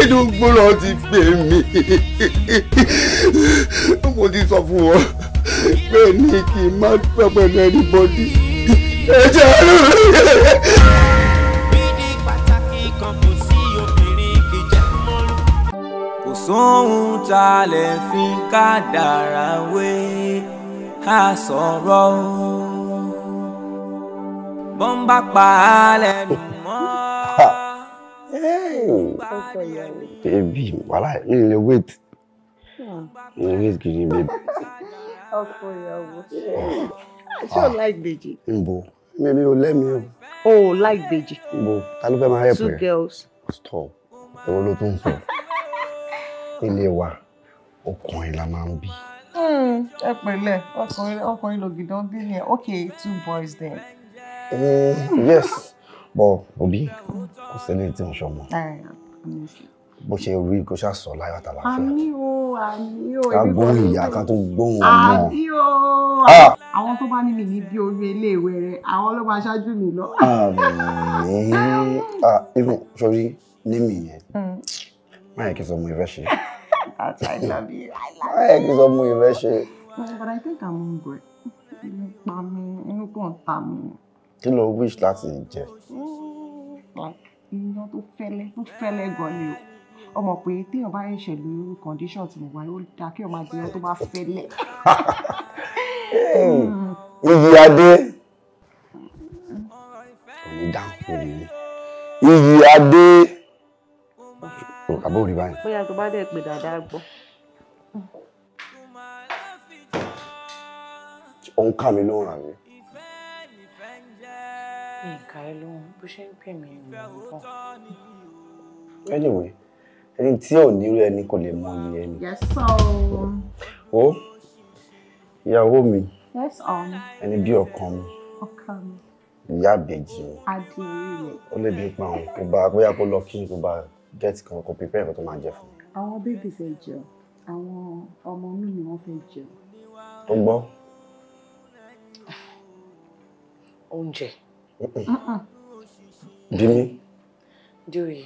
S2: Ìdúgbòrò ti pè mí. Mo ti sọ fún wọn pé ní kí n má pẹ́ pẹ̀lú
S6: sóhun ta lè fi kádàrá wé a sọ̀rọ̀ o. pa á lẹ́nu Baby,
S4: wàhálà mi ò lè wait
S6: mi ò wait gidi bẹ́ẹ̀bì. ọkọ ìyàwó ah. ṣé o
S9: láì gbèjì. n bo mi ò lẹ́mi o. o ò láì gbèjì.
S4: ta ló fẹ́ máa help rẹ. two girls. stop owó ló tún sọ ilé wa ọkùnrin la máa ń bí.
S9: Hmm, ẹ pẹ̀lẹ́ ọkùnrin ọkùnrin lògìdán bí yẹn okay two boys then.
S4: Mm, yes pọ̀ òbí kò sẹ́lẹ̀ tí mo ṣọmọ. bó ṣe rí kó ṣáà sọ láyọ̀ àtàlàfíà.
S9: àmì o àmì o ká gbóhùn ìyá
S4: ká tó gbóhùn ọmọ. àmì
S9: o ah! àwọn tó bá ní mi ní bí orí eléèwé rẹ àwọn ló máa ṣáájú mi lọ.
S4: àmì ah, even sori lémi yẹn hmm. má yẹ kí n sọ ọmọ ìfẹ́ ṣe. má
S9: yẹ
S3: kí n sọ
S4: ọmọ ìfẹ́ ṣe.
S3: but I think I'm hungry. Inú pa mi,
S9: inú kan ta mi
S4: kí ló wish láti jẹ.
S9: iná tó fẹ́lẹ́ tó fẹ́lẹ́ gan ni o ọmọ pé téèyàn bá ń ṣẹlú irú condition tí mo wà ó dáa kí ọmọ adìyẹ tó bá fẹ́lẹ́. Hmm.
S7: Hmm. iyì
S4: adé òní dáhùn òní iyì adé hmm, àbó rí báyìí. bóyá tó bá dẹ̀ pé dáadáa gbọ́. ó ń kà mí lóhùn àmì
S3: nǹka ẹ lóhun bó ṣe ń pè mí nǹkan.
S4: anyway ẹni tí ò ní rí ẹni kò lè mọ iye ẹni. Um. o ìyàwó mi um. ẹni bí ọkàn mi ìyá àbèjì
S1: mi
S4: ó lè bí pa àwọn kò bá bóyá kó lọ kí n kò bá get kan kò prepare nǹkan tó máa jẹ fún
S1: mi. àwọn bébì fẹ́ jẹun àwọn ọmọ mi ni wọ́n fẹ́ jẹun. ó gbọ́. oúnjẹ
S8: bí mi. Dúrì,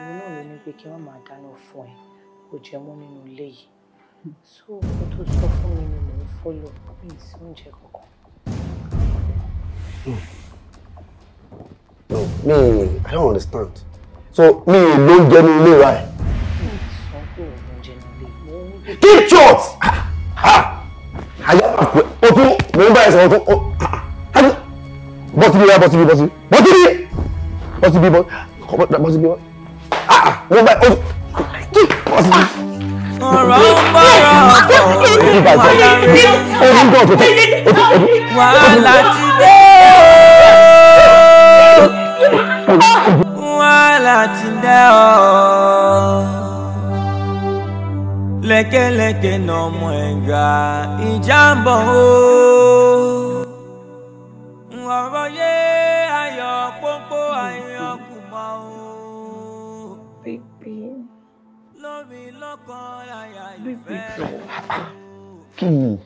S8: ìwọ náà ló ní pé kí wọ́n máa dáná fún ẹ, kò jẹ́ mọ́ nínú ilé yìí. So, o tó sọ fún mi ni mò ń fọ́lọ̀, mi ì sí oúnjẹ kankan.
S4: No, me. I don't understand.
S7: So, me ò lóúnjẹ ní ilé ì sọ pé ò ní ilé, mo ń gbé. Keep short! Àyà àpò, o tún, mo ń bá ẹ sọ̀rọ̀ tún bọ́sibí wá bọ́sibí bọ́sibí bọ́sibí bọ́sibí bọ́sibí wá ah, ah wọ́n bá ọ bọ́sibí. ọ̀rọ̀
S6: ń bọ̀rọ̀ ọkọ̀ wàhálà ti dé wàhálà ti dé wàhálà ti dé ọ̀ lẹ́kẹ̀lẹ́kẹ̀ nà ọmọ ẹ̀gà ìjàmbọ̀ ooo. kí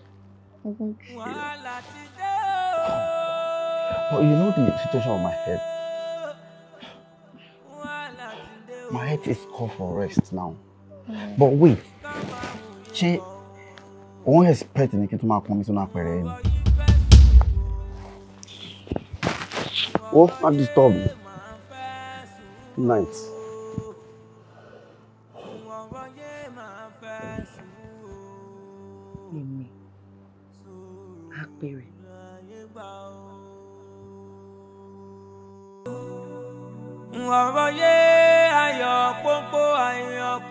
S6: But
S4: you know the situation of my head. My head is called for rest now. Mm. But wait, she òun expect ni to make tún máa pọn mi sínú àpẹẹrẹ yìí? Wọ́n á disturb me.
S1: Night. ìpè rẹ̀.
S6: ọ̀rọ̀ yé ayọ̀ pọ́npọ́ ayọ̀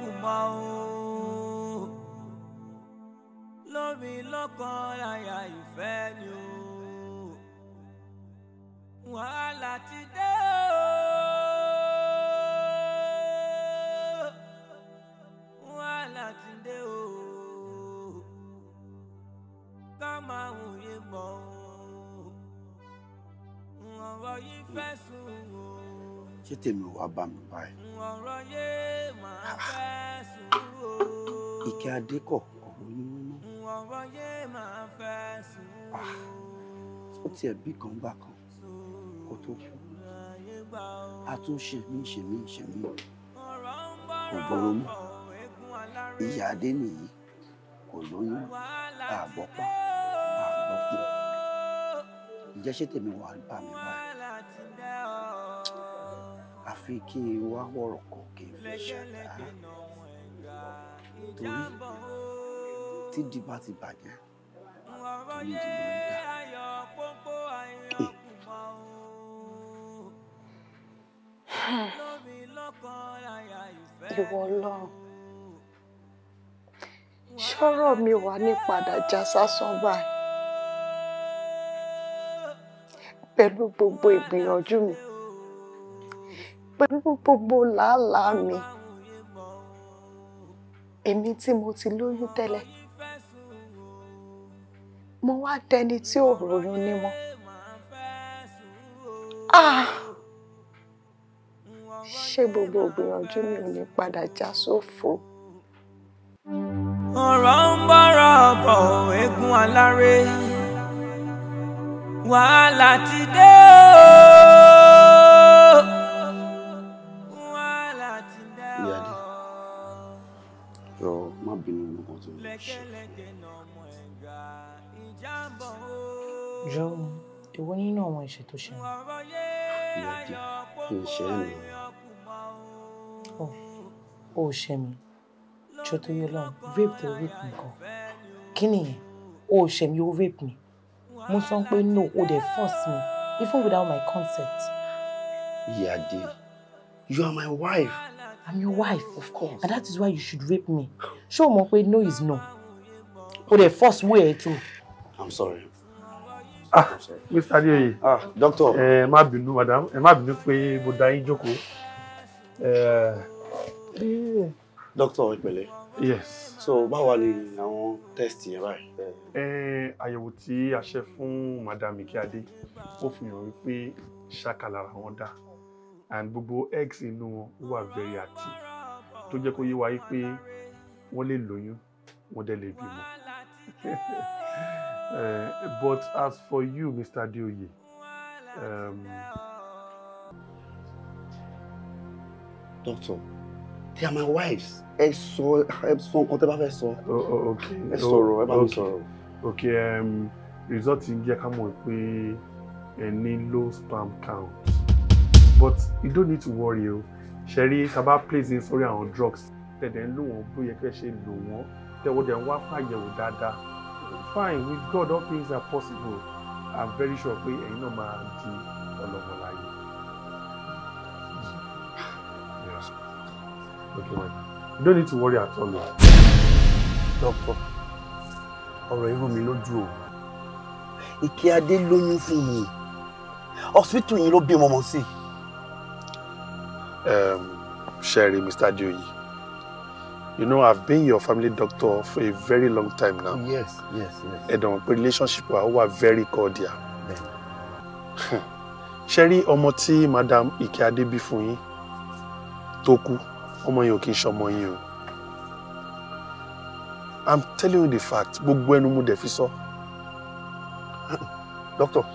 S6: wàhálà ti dé o.
S4: ṣé tèmi wàá bá mi báyìí. ìkẹ́ adékọ̀ ọ̀rọ̀ yín
S6: mímọ́. Ah,
S4: ó tiẹ̀ bí kan bá kan kó tó kú a tún ṣe mí ṣe mí ṣe mí kò bọ́rọ̀ mọ́ ìyá adé nìyí kò lóyún àbọ̀pọ̀ àbọ̀pọ̀ ìjẹ́sẹ̀ tèmi wàá bá mi báyìí fi kí n wá wọ̀rọ̀ kan
S6: kí n fi ṣàdá torí
S4: tí di bá ti bàjẹ́ torí
S6: di máa ìwọ Ọlọ́run
S9: ṣọ́rọ̀ mi wà ní padà já sásán báyìí pẹ̀lú gbogbo ìgbìyànjú mi pẹ̀lú gbogbo làálàá mi èmi tí mo ti lóyún tẹ́lẹ̀ mo wá dẹni tí ò ròyún ní mọ́ ah! ṣé gbogbo ògbìyànjú mi ò ní padà já sófo.
S6: ọ̀rọ̀ ń bọ̀rọ̀ bọ̀ eégún aláré wàhálà ti dé o.
S3: jọ ìwọ nínú àwọn ẹ̀ṣẹ̀ tó ṣe. ìṣe mi. ọ ò ṣe mi jọ tó yẹ lọ rape tó rape nǹkan kí nìyẹn o ò ṣe mi o rape mi mo sọ pé no o dey force me even without my consent. Yade, you are my wife. I'm your wife. Of course. And that is why you should rape me ṣé o mọ̀ pé no
S5: is no o dey force way ẹ̀ through.
S4: i'm sorry. ah I'm
S5: mr adeoye. ah doctor. ẹ má bínú madam ẹ má bínú pé mo dá yín jókòó.
S4: Eh. doctor ìpẹ̀lẹ́. yes. so báwa ni àwọn test yẹn báyìí.
S5: ẹ àyẹ̀wò tí a ṣe fún madam ikeade ó fi hàn wípé ṣàkàlà àwọn dá and gbogbo eggs inú wọn wà very active tó jẹ́ kó yé wa yí pé wọ́n lè lóyún wọ́n dẹ̀ lè bímọ. Eh, but as for you Mr. Adeoye um...
S4: doctor they are my wives ẹ sọ ẹ sọ nǹkan tẹ́ bá fẹ́ sọ
S5: oh, oh, ẹ oh, sọ̀rọ̀ ẹ bá mi sọ̀rọ̀. ok um, result ń jẹ́ ká mọ̀ pé ẹ ní low sperm count but you don't need to worry o ṣe rí tá a bá àwọn drugs tẹ̀dẹ̀ lò wọ́n bó yẹ kẹ́ ṣe lò wọ́n tẹ̀wọ́ dẹ̀ ń wá fàyẹ̀wò dáadáa fine with God all things are possible I'm very sure pé ẹ̀yin náà máa di ọlọ́mọ láyé. Okay, man. You don't need to worry at all. Doctor, ọ̀rọ̀ irú mi lójú o. Ike Adé
S4: lóyún fún mi. Hospital yìí ló bí ọmọ mọ́ sí.
S5: Ṣé rí Mr. Adéoyè? You know, I've been your family doctor for a very long time now. Yes, yes, yes. And our relationship wa wà very cordial. Ṣé rí ọmọ tí Madam Ike Adé bí fún yín tó kú, ọmọ yẹn ò kí ń ṣọmọ yín o. I'm telling you the fact, gbogbo ẹnu mo dẹ̀ fi sọ. Doctor,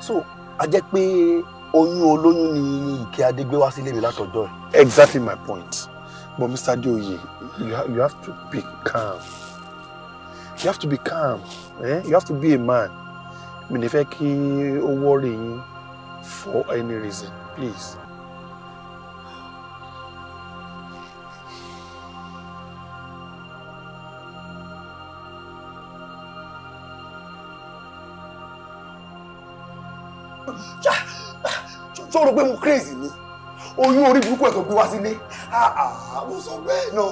S5: so a jẹ́ pé oyún olóyún ni Ike Adé wá sílé mi látọjọ́ ẹ̀. Exactly my point. But Mr. Adeoye, you, ha you have to be calm. You have to be calm. Eh? You have to be a man. Mi ní fẹ́ worry for any reason, please.
S10: Ṣé o rò pé mo crazy ni?
S7: Oyún orí burúkú ẹ̀ tó gbé wá sílé.
S10: Ah, mo sọ bẹ́ẹ̀ náà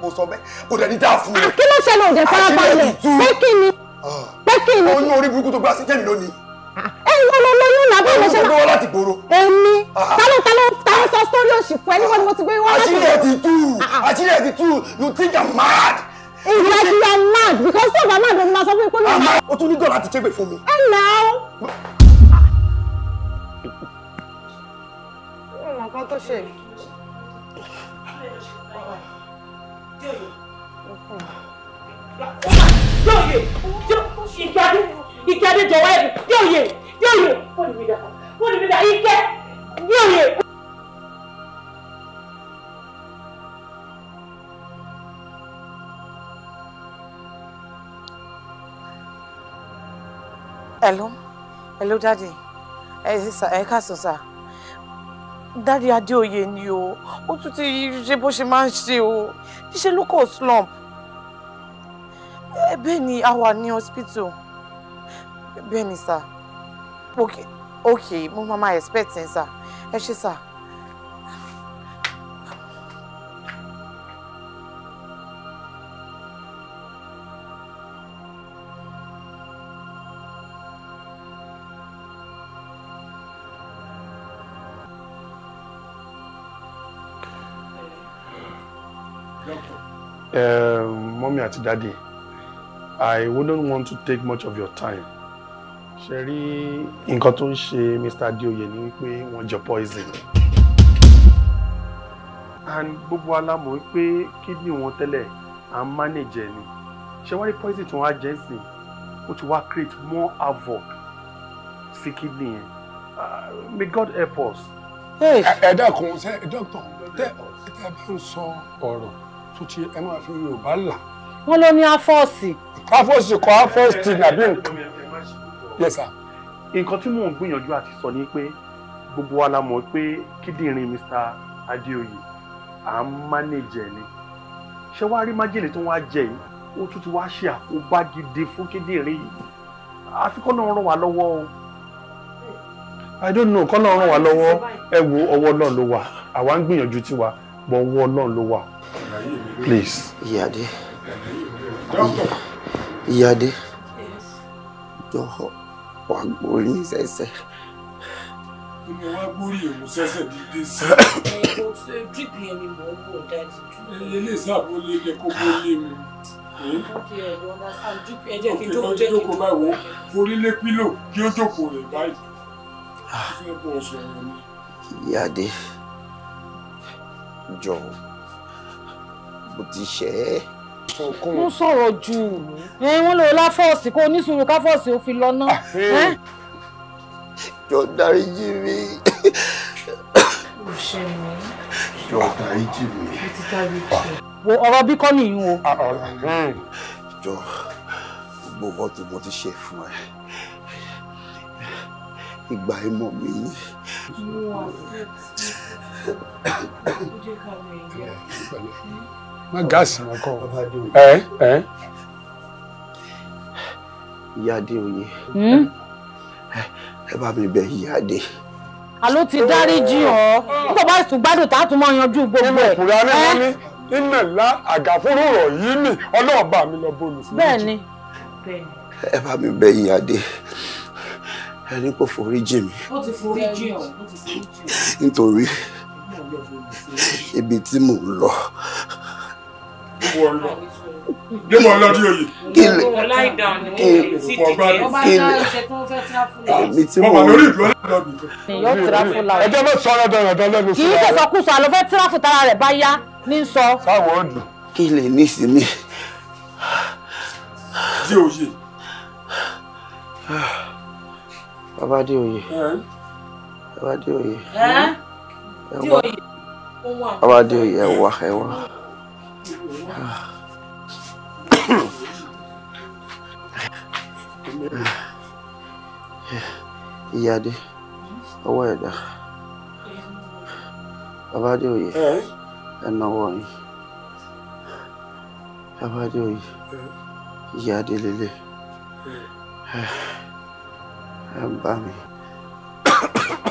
S10: mo sọ bẹ́ẹ̀
S7: kò dẹ̀ ní dáa fún mi. Ah, kí ló ṣẹlẹ̀ òde farabalẹ̀ pé kí ni ah, pé kí ni. oyún orí burúkú tó gbá
S4: sí jẹ́mi lónìí.
S9: ẹ ń lọ lóyún làbẹ́ ìlú ṣẹlẹ̀. olówó láti gbòòrò. èmi tálọ́ tálọ́ tálọ́ sọ sórí òṣì fún ẹ ni mo ti gbé wọ́n láti. àṣírí ẹ ti tú àṣírí ẹ ti tú you think I'm mad. ìyá ti yà mad because tí ọba mad ló máa sọ fún mi pé lóyún. o tún ní dọ́là ti ṣépè fún mi. ẹ nà ó.
S3: ọmọ kan tó ṣe yìí. yóòyè ìkẹ́dé ìkẹ́dé jọ̀wọ́ ẹ̀dùn yóòyè yóòyè wọ́n ní mi dà wọ́n ní mi dà ìkẹ́ yóòyè. hello hello daddy ẹ eh, eh, ká sọ sáà dárí adéoyè ni o ó tún ti ṣe bó ṣe máa ń ṣe o ṣíṣe ló slump bẹ́ẹ̀ ni a wà ní hospital bẹ́ẹ̀ ni sir ok ok mo máa máa expect ẹ̀ sir ẹ ṣé sir.
S5: Uh, mommy àti daddy I wouldn't want to take much of your time. Sherry, in nǹkan tó Mr. Dio ni wípé wọ́n jẹ poison. And gbogbo alámọ̀ wípé kidney wọn and manage ẹ̀ ni. Ṣé poison tí wọ́n á jẹ́ sí? create more havoc sí kidney Uh, may God help us.
S10: Hey,
S2: dákun ṣe dókítà tẹ ẹ bá ń tuntun ẹ máa fi yorùbá
S5: là. wọ́n ló ní afọ́ọ̀sì. afọ́ọ̀sì kọ afọ́ọ̀sì nàbí nǹkan. yes sir. nǹkan tí mò ń gbìyànjú àti sọ ni pé gbogbo wa la mọ̀ pé kíndìnrín Mr. Adéoyè à ń mánéjẹ ni ṣé wàá rí májèlé tó wàá jẹ yìí ó tún ti wáá ṣe àkóbá gidi fún kíndìnrín yìí àfikún náà ràn wá lọ́wọ́ o. I don't know kọ́ náà ràn wá lọ́wọ́ ẹ wo ọwọ́ náà ló wà àwa ń gbìyànjú tiwa bọ̀ ọwọ́ náà ló wà. Please. Iyade. Iyade. Jọ̀ọ́
S4: wá gbórí mi sẹ́sẹ̀.
S2: Kíni wá gbórí èmú sẹ́sẹ̀ dídé sí? Ẹ̀kọ́
S8: dípì ẹni mò ń bò dájú. Ilé
S2: ìsàbò lé lé kó bó lé mi.
S8: Ẹjẹ́ kí n tó jẹ́
S2: kí n tó báyìí. Forí lé pílò kí ó jókòó rẹ̀ báyìí. Ah. Fẹ́ bọ̀
S4: sọ̀rọ̀ mo ti ṣẹ́ ẹ́. mo
S8: sọ̀rọ̀ jù ẹ wọ́n lò láfọ́ọ̀sì kó oníṣòro káfọ́ọ̀sì ó fi lọ ná.
S10: jọ dáríjì mi.
S3: o ṣe mi. jọ
S10: dáríjì mi. mo ti
S3: dáríjì. wo ọ̀rọ̀ bí kọ́ nìyí o.
S4: Ah, hmm. jọ gbogbo ọtí mo ti ṣe fún ẹ ìgbà ìmọ̀ mi ni.
S6: mo
S2: má gáàsì wọn kọ ẹ
S4: ẹ. ìyá adé òye hmm? ẹ bá mi bẹ ìyá adé
S8: àló ti dáríjì ọ
S2: nígbà bá sùn gbádùn tá a tún mọ yanjú gbogbo ẹ. ìmọ̀ ìkùrẹ́ alẹ́ wọn ní iná ńlá àgàfóró rọ̀ yìí ni ọlọ́ọ̀bà mi lọ bọ́ọ̀lù
S8: fún mi. bẹ́ẹ̀ni.
S4: ẹ bá mi bẹ̀ ìyá dé ẹni kò forí jì mí.
S8: ó ti forí jì ọ.
S4: nítorí
S10: ibi tí mò ń lọ kú ọ lọ bí mo lọ rí oyè. kílè
S3: kílè
S2: mo wà lórí ìlú ọlọ́dọ̀bì. ẹjọ́ ló sọ ọ́rọ̀ dọ̀rọ̀ dán lẹ́nu. kì í sọ̀sọ̀ kú sọ àlọ́
S8: fẹ́ tíráfù tára rẹ̀ bá yá ní sọ. sáwọn ọdún.
S4: kílè nísìmí. di òye. bàbá di òye. bàbá di òye. di òye. bàbá di òye ẹ wá ẹ wá ìyáde ọwọ́ ẹ̀dá babadéoyè ẹnáwó yín babadéoyè ìyáde lélẹ̀ ẹ bá mi.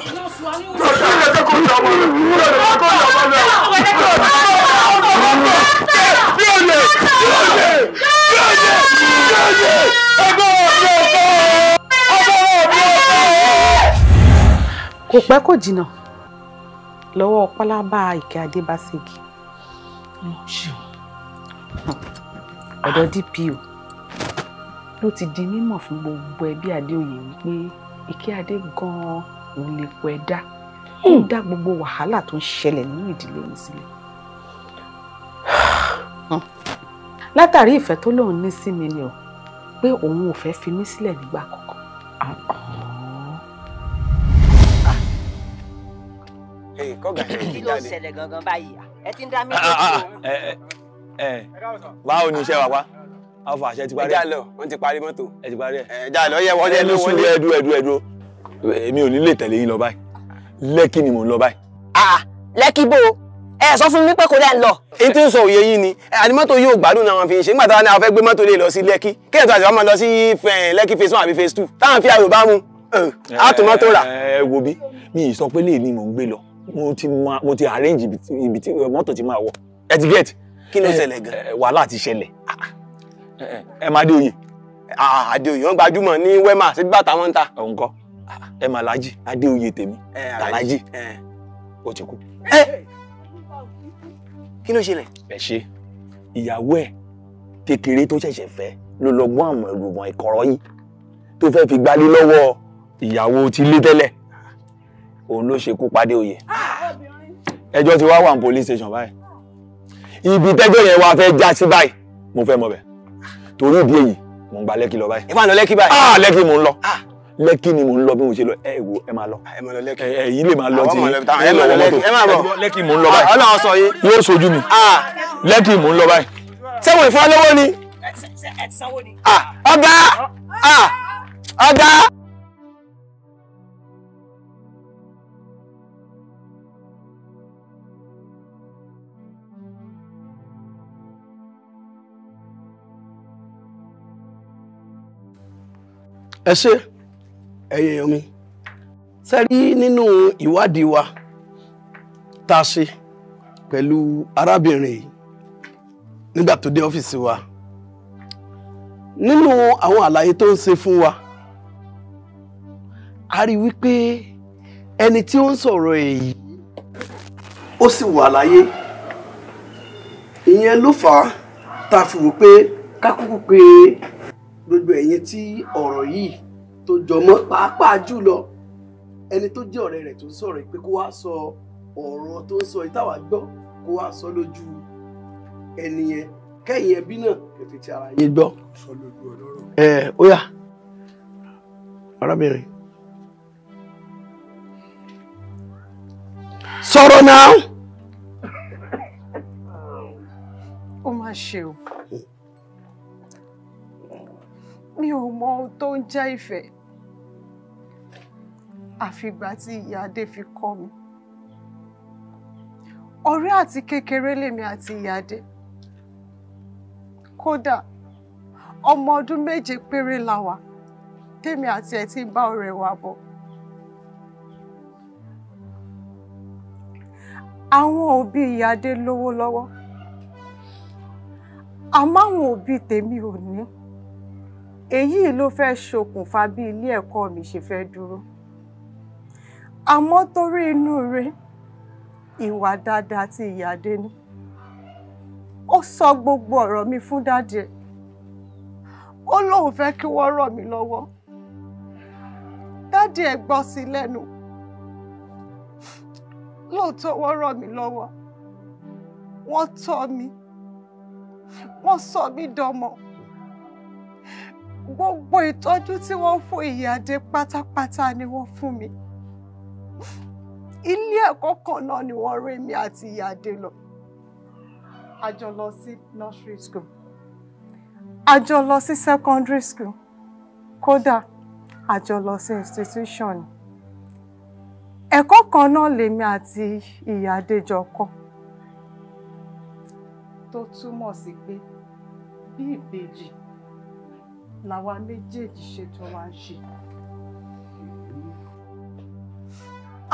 S6: Kí ló dé kó ṣe ọmọ rẹ̀? Kí ló dé kó ṣe ọmọ rẹ̀?
S1: kò pẹ́ kò jìnnà lọ́wọ́ pálábá ìkẹ́ adébásígi ọ̀dọ̀ DPO ló ti di mímọ̀ fún gbogbo ẹbí adéoyè wípé ìkẹ́ adé gan-an òun lè pọ̀ ẹ̀dá ó dá gbogbo wàhálà tó ń ṣẹlẹ̀ nínú ìdílé mi sílẹ̀ látàrí ìfẹ́ tó lóun ní sí mi ni o pé òun ò fẹ́ fi mí sílẹ̀ nígbà kankan.
S6: kí ló ń ṣẹlẹ̀ gangan báyìí ẹ ti ń dá mi ah,
S7: lójú. báwo ah, ah. ni iṣẹ́ wa pa alfa ṣe ti parí. ẹ já lọ wọn ti parí mọ́tò. ẹ ti parí ẹ. ẹ já lọ yẹ wọlé ló wọlé. ẹ dúró ẹ dúró ẹ ò ní lè tẹ̀lé yín lọ báyìí lẹ́kì ni mò ń lọ báyìí. lẹ́kì bó o ẹ sọ fún mi pé kò lẹ́ ń lọ. n tí ń sọ òye yìí ni àdìmọ́tò yóò gbádùn náà wọn fi ṣe nígbà táwọn náà fẹ́ gbé mọ́tò lè lọ sí lẹ́kí kí ètò àti wọn máa lọ sí eh, lẹ́kí phase one àbí phase two táwọn fi àrò bá mu àtòmọ́tò eh, rà. ẹ eh, wo bí mi ì sọ pé lè ní mò ń gbé lọ mo ti arrange ibi tí mọ́tò ti máa wọ ẹ ti get. kí ló ṣẹlẹ̀ gan. wàhálà ti ṣẹlẹ̀ ẹ máa dé oyè. Ah, ah, Adéoyè wọn gbajúmọ̀ ní wema sí bàtà wọn ta. ọ̀nkọ́ ẹ máa lájì Adéoyè tèmi Alájì ó ti kú kí ló ṣẹlẹ̀. ẹ ṣe ìyàwó ẹ kékeré tó ṣẹ̀ṣẹ̀ fẹ́ ló lọ gbọ́n àwọn ìrùbọ̀n ìkọ̀rọ̀ yìí tó fẹ́ fi gbalé lọ́wọ́ ìyàwó ti lé tẹ́lẹ̀ òun ló ṣekú padé oyè ẹjọ́ ti wá wà ní police station báyìí ibi tẹ́jọ́ yẹn wá fẹ́ já sí báyìí mo fẹ́ mọ̀ bẹ̀ torí ìdí èyí mò ń gba lẹ́kì lọ báyìí. ẹ máa lọ lẹ́kì báyìí. Ah, lẹ́kì mò ń lọ. ah lẹ́kì ni mò ń lọ bí mo ṣe lọ ẹ wo ẹ máa lọ. ẹ máa lọ lẹ́kì. ẹ̀yin lè máa lọ ti ẹ lọ wọ mọ́tò lẹ́kì mò ń lọ báyìí. ọlọ́run sọ yìí. yóò sojú mi ah. lẹ́kì mò ń lọ báyìí. sẹ́wọ̀n ìfọwọ́lọ́wọ́ ni.
S1: Ah,
S6: ọ̀gá ah, ọ̀gá.
S11: ẹ ṣe. ẹ̀yin èèyàn mi sẹ́rí nínú ìwádìí wa tá a ṣe pẹ̀lú arábìnrin yìí nígbà tó dé ọ́fíìsì wa nínú àwọn àlàyé tó ń ṣe fún wa a rí wípé ẹni tí ó ń sọ̀rọ̀ èyí ó sì wà láyé ìyẹn ló fà á tá a fi wò pé ká kúkú pé gbogbo ẹ̀yin tí ọ̀rọ̀ yìí tó jọmọ́ pàápàá jùlọ ẹni tó jẹ́ ọ̀rẹ́ rẹ̀ tó ń sọ̀rọ̀ pé kó wá sọ ọ̀rọ̀ tó ń sọ ìtawà gbọ́ kó wá sọ lójú ẹni yẹn kẹ́yìn ẹbí náà kẹfì ti ara yín gbọ́. ẹ ó yá arábìnrin sọ̀rọ̀
S9: náà. ó máa ṣe o mi ò mọ ohun tó ń jẹ́ ìfẹ́ àfìgbà tí ìyá adé fi kọ́ mi ọ̀rẹ́ àti kékeré lèmi àti ìyá adé kódà ọmọ ọdún méje péré la wà tèmi àti ẹ ti ń bá ọ̀rẹ́ wa bọ̀. àwọn òbí ìyá adé lówó lọ́wọ́ àmọ́ àwọn òbí tèmi ò ní èyí ló fẹ́ ṣokùnfà bí ilé ẹ̀kọ́ mi ṣe fẹ́ dúró àmọ́ torí inú rẹ̀ ìwà dáadáa ti ìyá Adéní ó sọ gbogbo ọ̀rọ̀ mi fún dáadé ó lóun fẹ́ kí wọ́n rọ̀ mí lọ́wọ́ dáadé ẹ̀ gbọ́ sí lẹ́nu lóòótọ́ wọ́n rọ̀ mí lọ́wọ́ wọ́n tọ́ mi wọ́n sọ mí dọmọ gbogbo ìtọ́jú tí wọ́n fún ìyá Adé pátápátá ni wọ́n fún mi ilé ẹ̀kọ́ kan náà ni wọ́n rí mi àti ìyá adé lọ a jọ lọ sí nursery school a jọ lọ sí secondary school kódà a jọ lọ sí institution ẹ̀kọ́ kan náà lèmi àti ìyá adé jọ kọ́ tó túmọ̀ sí pé bí ìbejì làwa méjèèjì ṣe tó wá ń ṣe.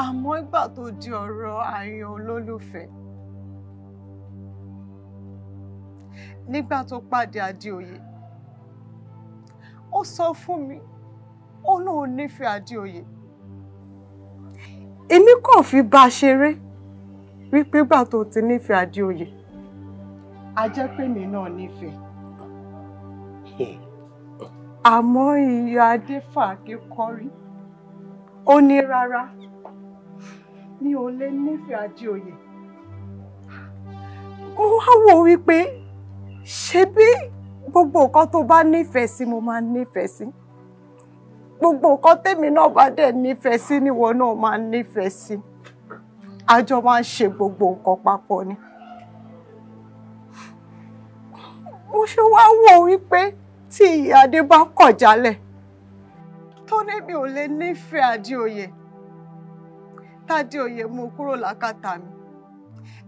S9: àmọ́ ìgbà tó di ọ̀rọ̀ àárín olólùfẹ́ nígbà tó pàdé adéoyè ó sọ fún mi ó lóun nífẹ̀ẹ́ adéoyè èmi kàn fi bá a ṣeré wípé ìgbà tó ti nífẹ̀ẹ́ adéoyè a jẹ́ pé mi náà nífẹ̀ẹ́ àmọ́ ìyá adéfàáké kọ́ rí ó ní rárá mi ò lè nífẹ̀ẹ́ Adéoyè mo wá wò wípé ṣebí gbogbo nǹkan tó bá nífẹ̀ẹ́ sí mo máa nífẹ̀ẹ́ sí gbogbo nǹkan tèmi náà bá dẹ̀ nífẹ̀ẹ́ sí níwọ náà máa nífẹ̀ẹ́ sí a jọ máa ń ṣe gbogbo nǹkan papọ̀ ni mo ṣe wá wò wípé tí ìyá adé bá kọ̀ jálẹ̀ tó ní mi ò lè nífẹ̀ẹ́ Adéoyè tádé òye mú kúrò lákàtà mi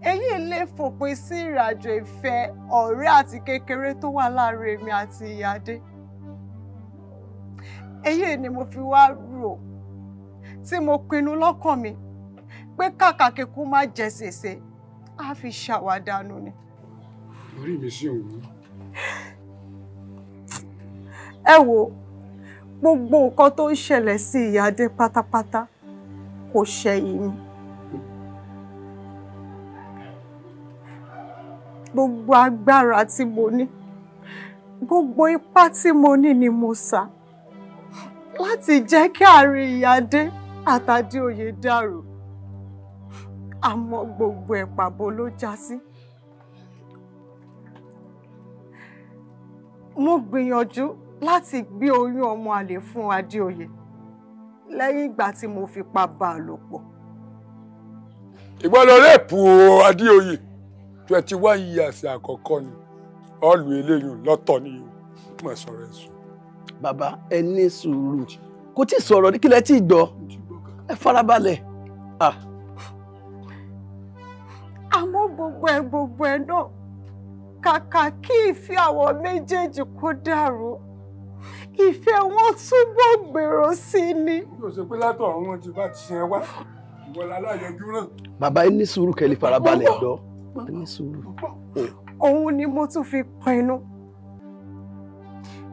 S9: èyí lè fòpin sí ìrìnàjò ìfẹ́ ọ̀rẹ́ àti kékeré tó wà láàrin èmi àti ìyáde èyí ni mo fi wá rò tí mo pinnu lọ́kàn mi pé kàkà kíkú má jẹ ṣèṣe á fi ṣàwádànù ni.
S2: orí mi sí òun.
S9: ẹ wo gbogbo nǹkan tó ń ṣẹlẹ̀ sí ìyáde pátápátá kò ṣẹ̀yìn mi. Gbogbo agbára tí mo ní, gbogbo ipá tí mo ní ni mo sà láti jẹ́ kí àárín ìyáde àtàdé òye dàrú. Àmọ́ gbogbo ẹ̀ pàbó ló já sí. Mo gbìyànjú láti gbé oyún ọmọ àlè fún Adéoyè lẹ́yìn ìgbà tí mo fipá bá a lò pọ̀.
S2: ìwọ lọ rẹ́ẹ̀pù adéoyè twenty one years àkọ́kọ́ ni ọ̀lù eléyìí lọ́tọ̀ ni o mọ̀ sọ̀rọ̀ ẹ̀sùn. bàbá ẹ ní sùúrù
S1: kò tí
S11: ì sọ̀rọ̀ ní kílẹ̀ tí ì gbọ́ ẹ farabalẹ̀.
S9: àmọ́ gbogbo ẹ gbogbo ẹ náà kàkà kí ìfẹ́ àwọn méjèèjì kó dàrú ìfẹ́ wọn túbọ̀ gbèrò sí ni. yóò ṣe pé látọ̀ ọ̀run wọn ti bá ti ṣe wá ìwọ lálàyẹjú náà.
S11: bàbá ẹ ní sùúrù kẹ́lí farabalẹ̀ ọ̀dọ́ ẹ ní sùúrù.
S9: òun ni mo tún
S2: fi pinnu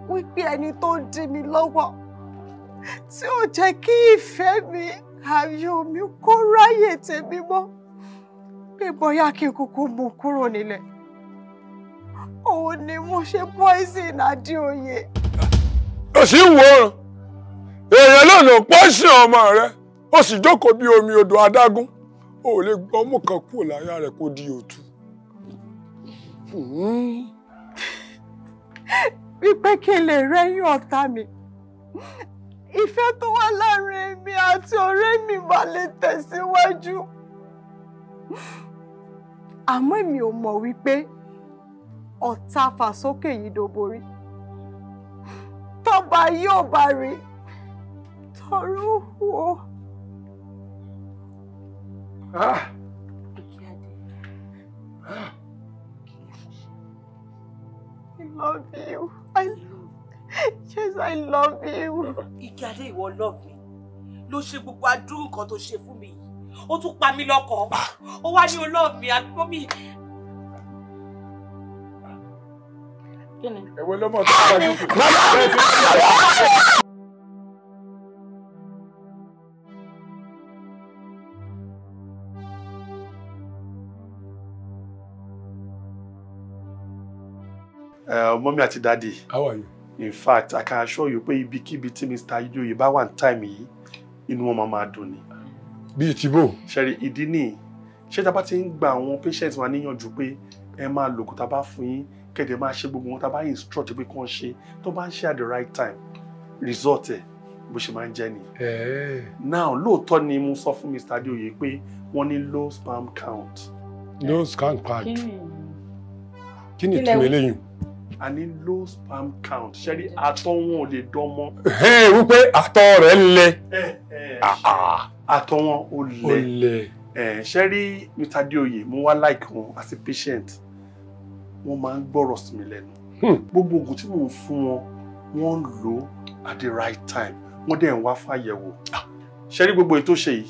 S9: wípé ẹni tó ń dí mi lọ́wọ́ tí ò jẹ́ kí ìfẹ́ mi ayọ̀ mi kó ráyè tèmi mọ́ pé bóyá kí n kúkú mú kúrò nílẹ̀ òun ni mo ṣe poison Adéoyè o sì ń wòran èèyàn
S2: lọ́nà pọ́ṣìn ọmọ rẹ o sì jókòó bí omi odò adágún o ò lè gbọ́ ọmọ kan kúrò láyà rẹ kó di òtù. Hmm.
S9: wípé kí n lè rẹ́yìn ọ̀tá mi ìfẹ́ tó wà láàrin èmi àti ọ̀rẹ́ mi máa lè tẹ̀síwájú àmọ́ èmi ò mọ̀ wípé ọ̀tá fàsókè yìí doborí tọ́ba yóò bá rí tọrọ wo. Ah! I
S3: love you. I love. Yes, love you. Ìkíadé love me. Ló ṣe gbogbo adúrú nǹkan tó ṣe fún mi yìí. Ó tún pa mí lọ́kọ̀ọ́. Ah! Ó wá ní o love me àbí mọ́mí
S2: ẹ̀wẹ̀ lọ́mọ tó pàdé
S5: how are you. in fact i can assure you you be ibikíbi tí mr adeoye you buy one time he, in one mama máa Be ni. bíi ti bò. ṣẹ́rí ìdí nìyí ṣé tá a bá ti ń gba àwọn patients wa níyànjú pé ẹ kẹ̀dẹ̀ máa ṣe gbogbo wọn tá a bá instruct pé kàn ṣe tó bá ń ṣe at the right time result ẹ̀ bó ṣe máa ń jẹ́ ni. now lóòótọ́ ni mo sọ fún Mr. Adéoyè pé wọ́n ní low sperm count.
S2: low sperm count kí ni ìtumọ̀ eléyìí
S5: a ní low sperm count ṣẹ́rí àtọ̀ wọn ò lè dánmọ́. wípé àtọ̀ rẹ̀ lẹ. Ah, ah. àtọ̀ wọn ò lẹ ṣẹ́rí Mr. Adéoyè mo wá like wọn as a patient wọ́n máa ń gbọ́rọ̀ sí mi lẹ́nu hmm. gbogbo oògùn tí mò ń fún wọn wọ́n ń lò ó at the right time wọ́n dẹ̀ ń wá fàyẹ̀wò ah. ṣe rí gbogbo ètò ṣe yìí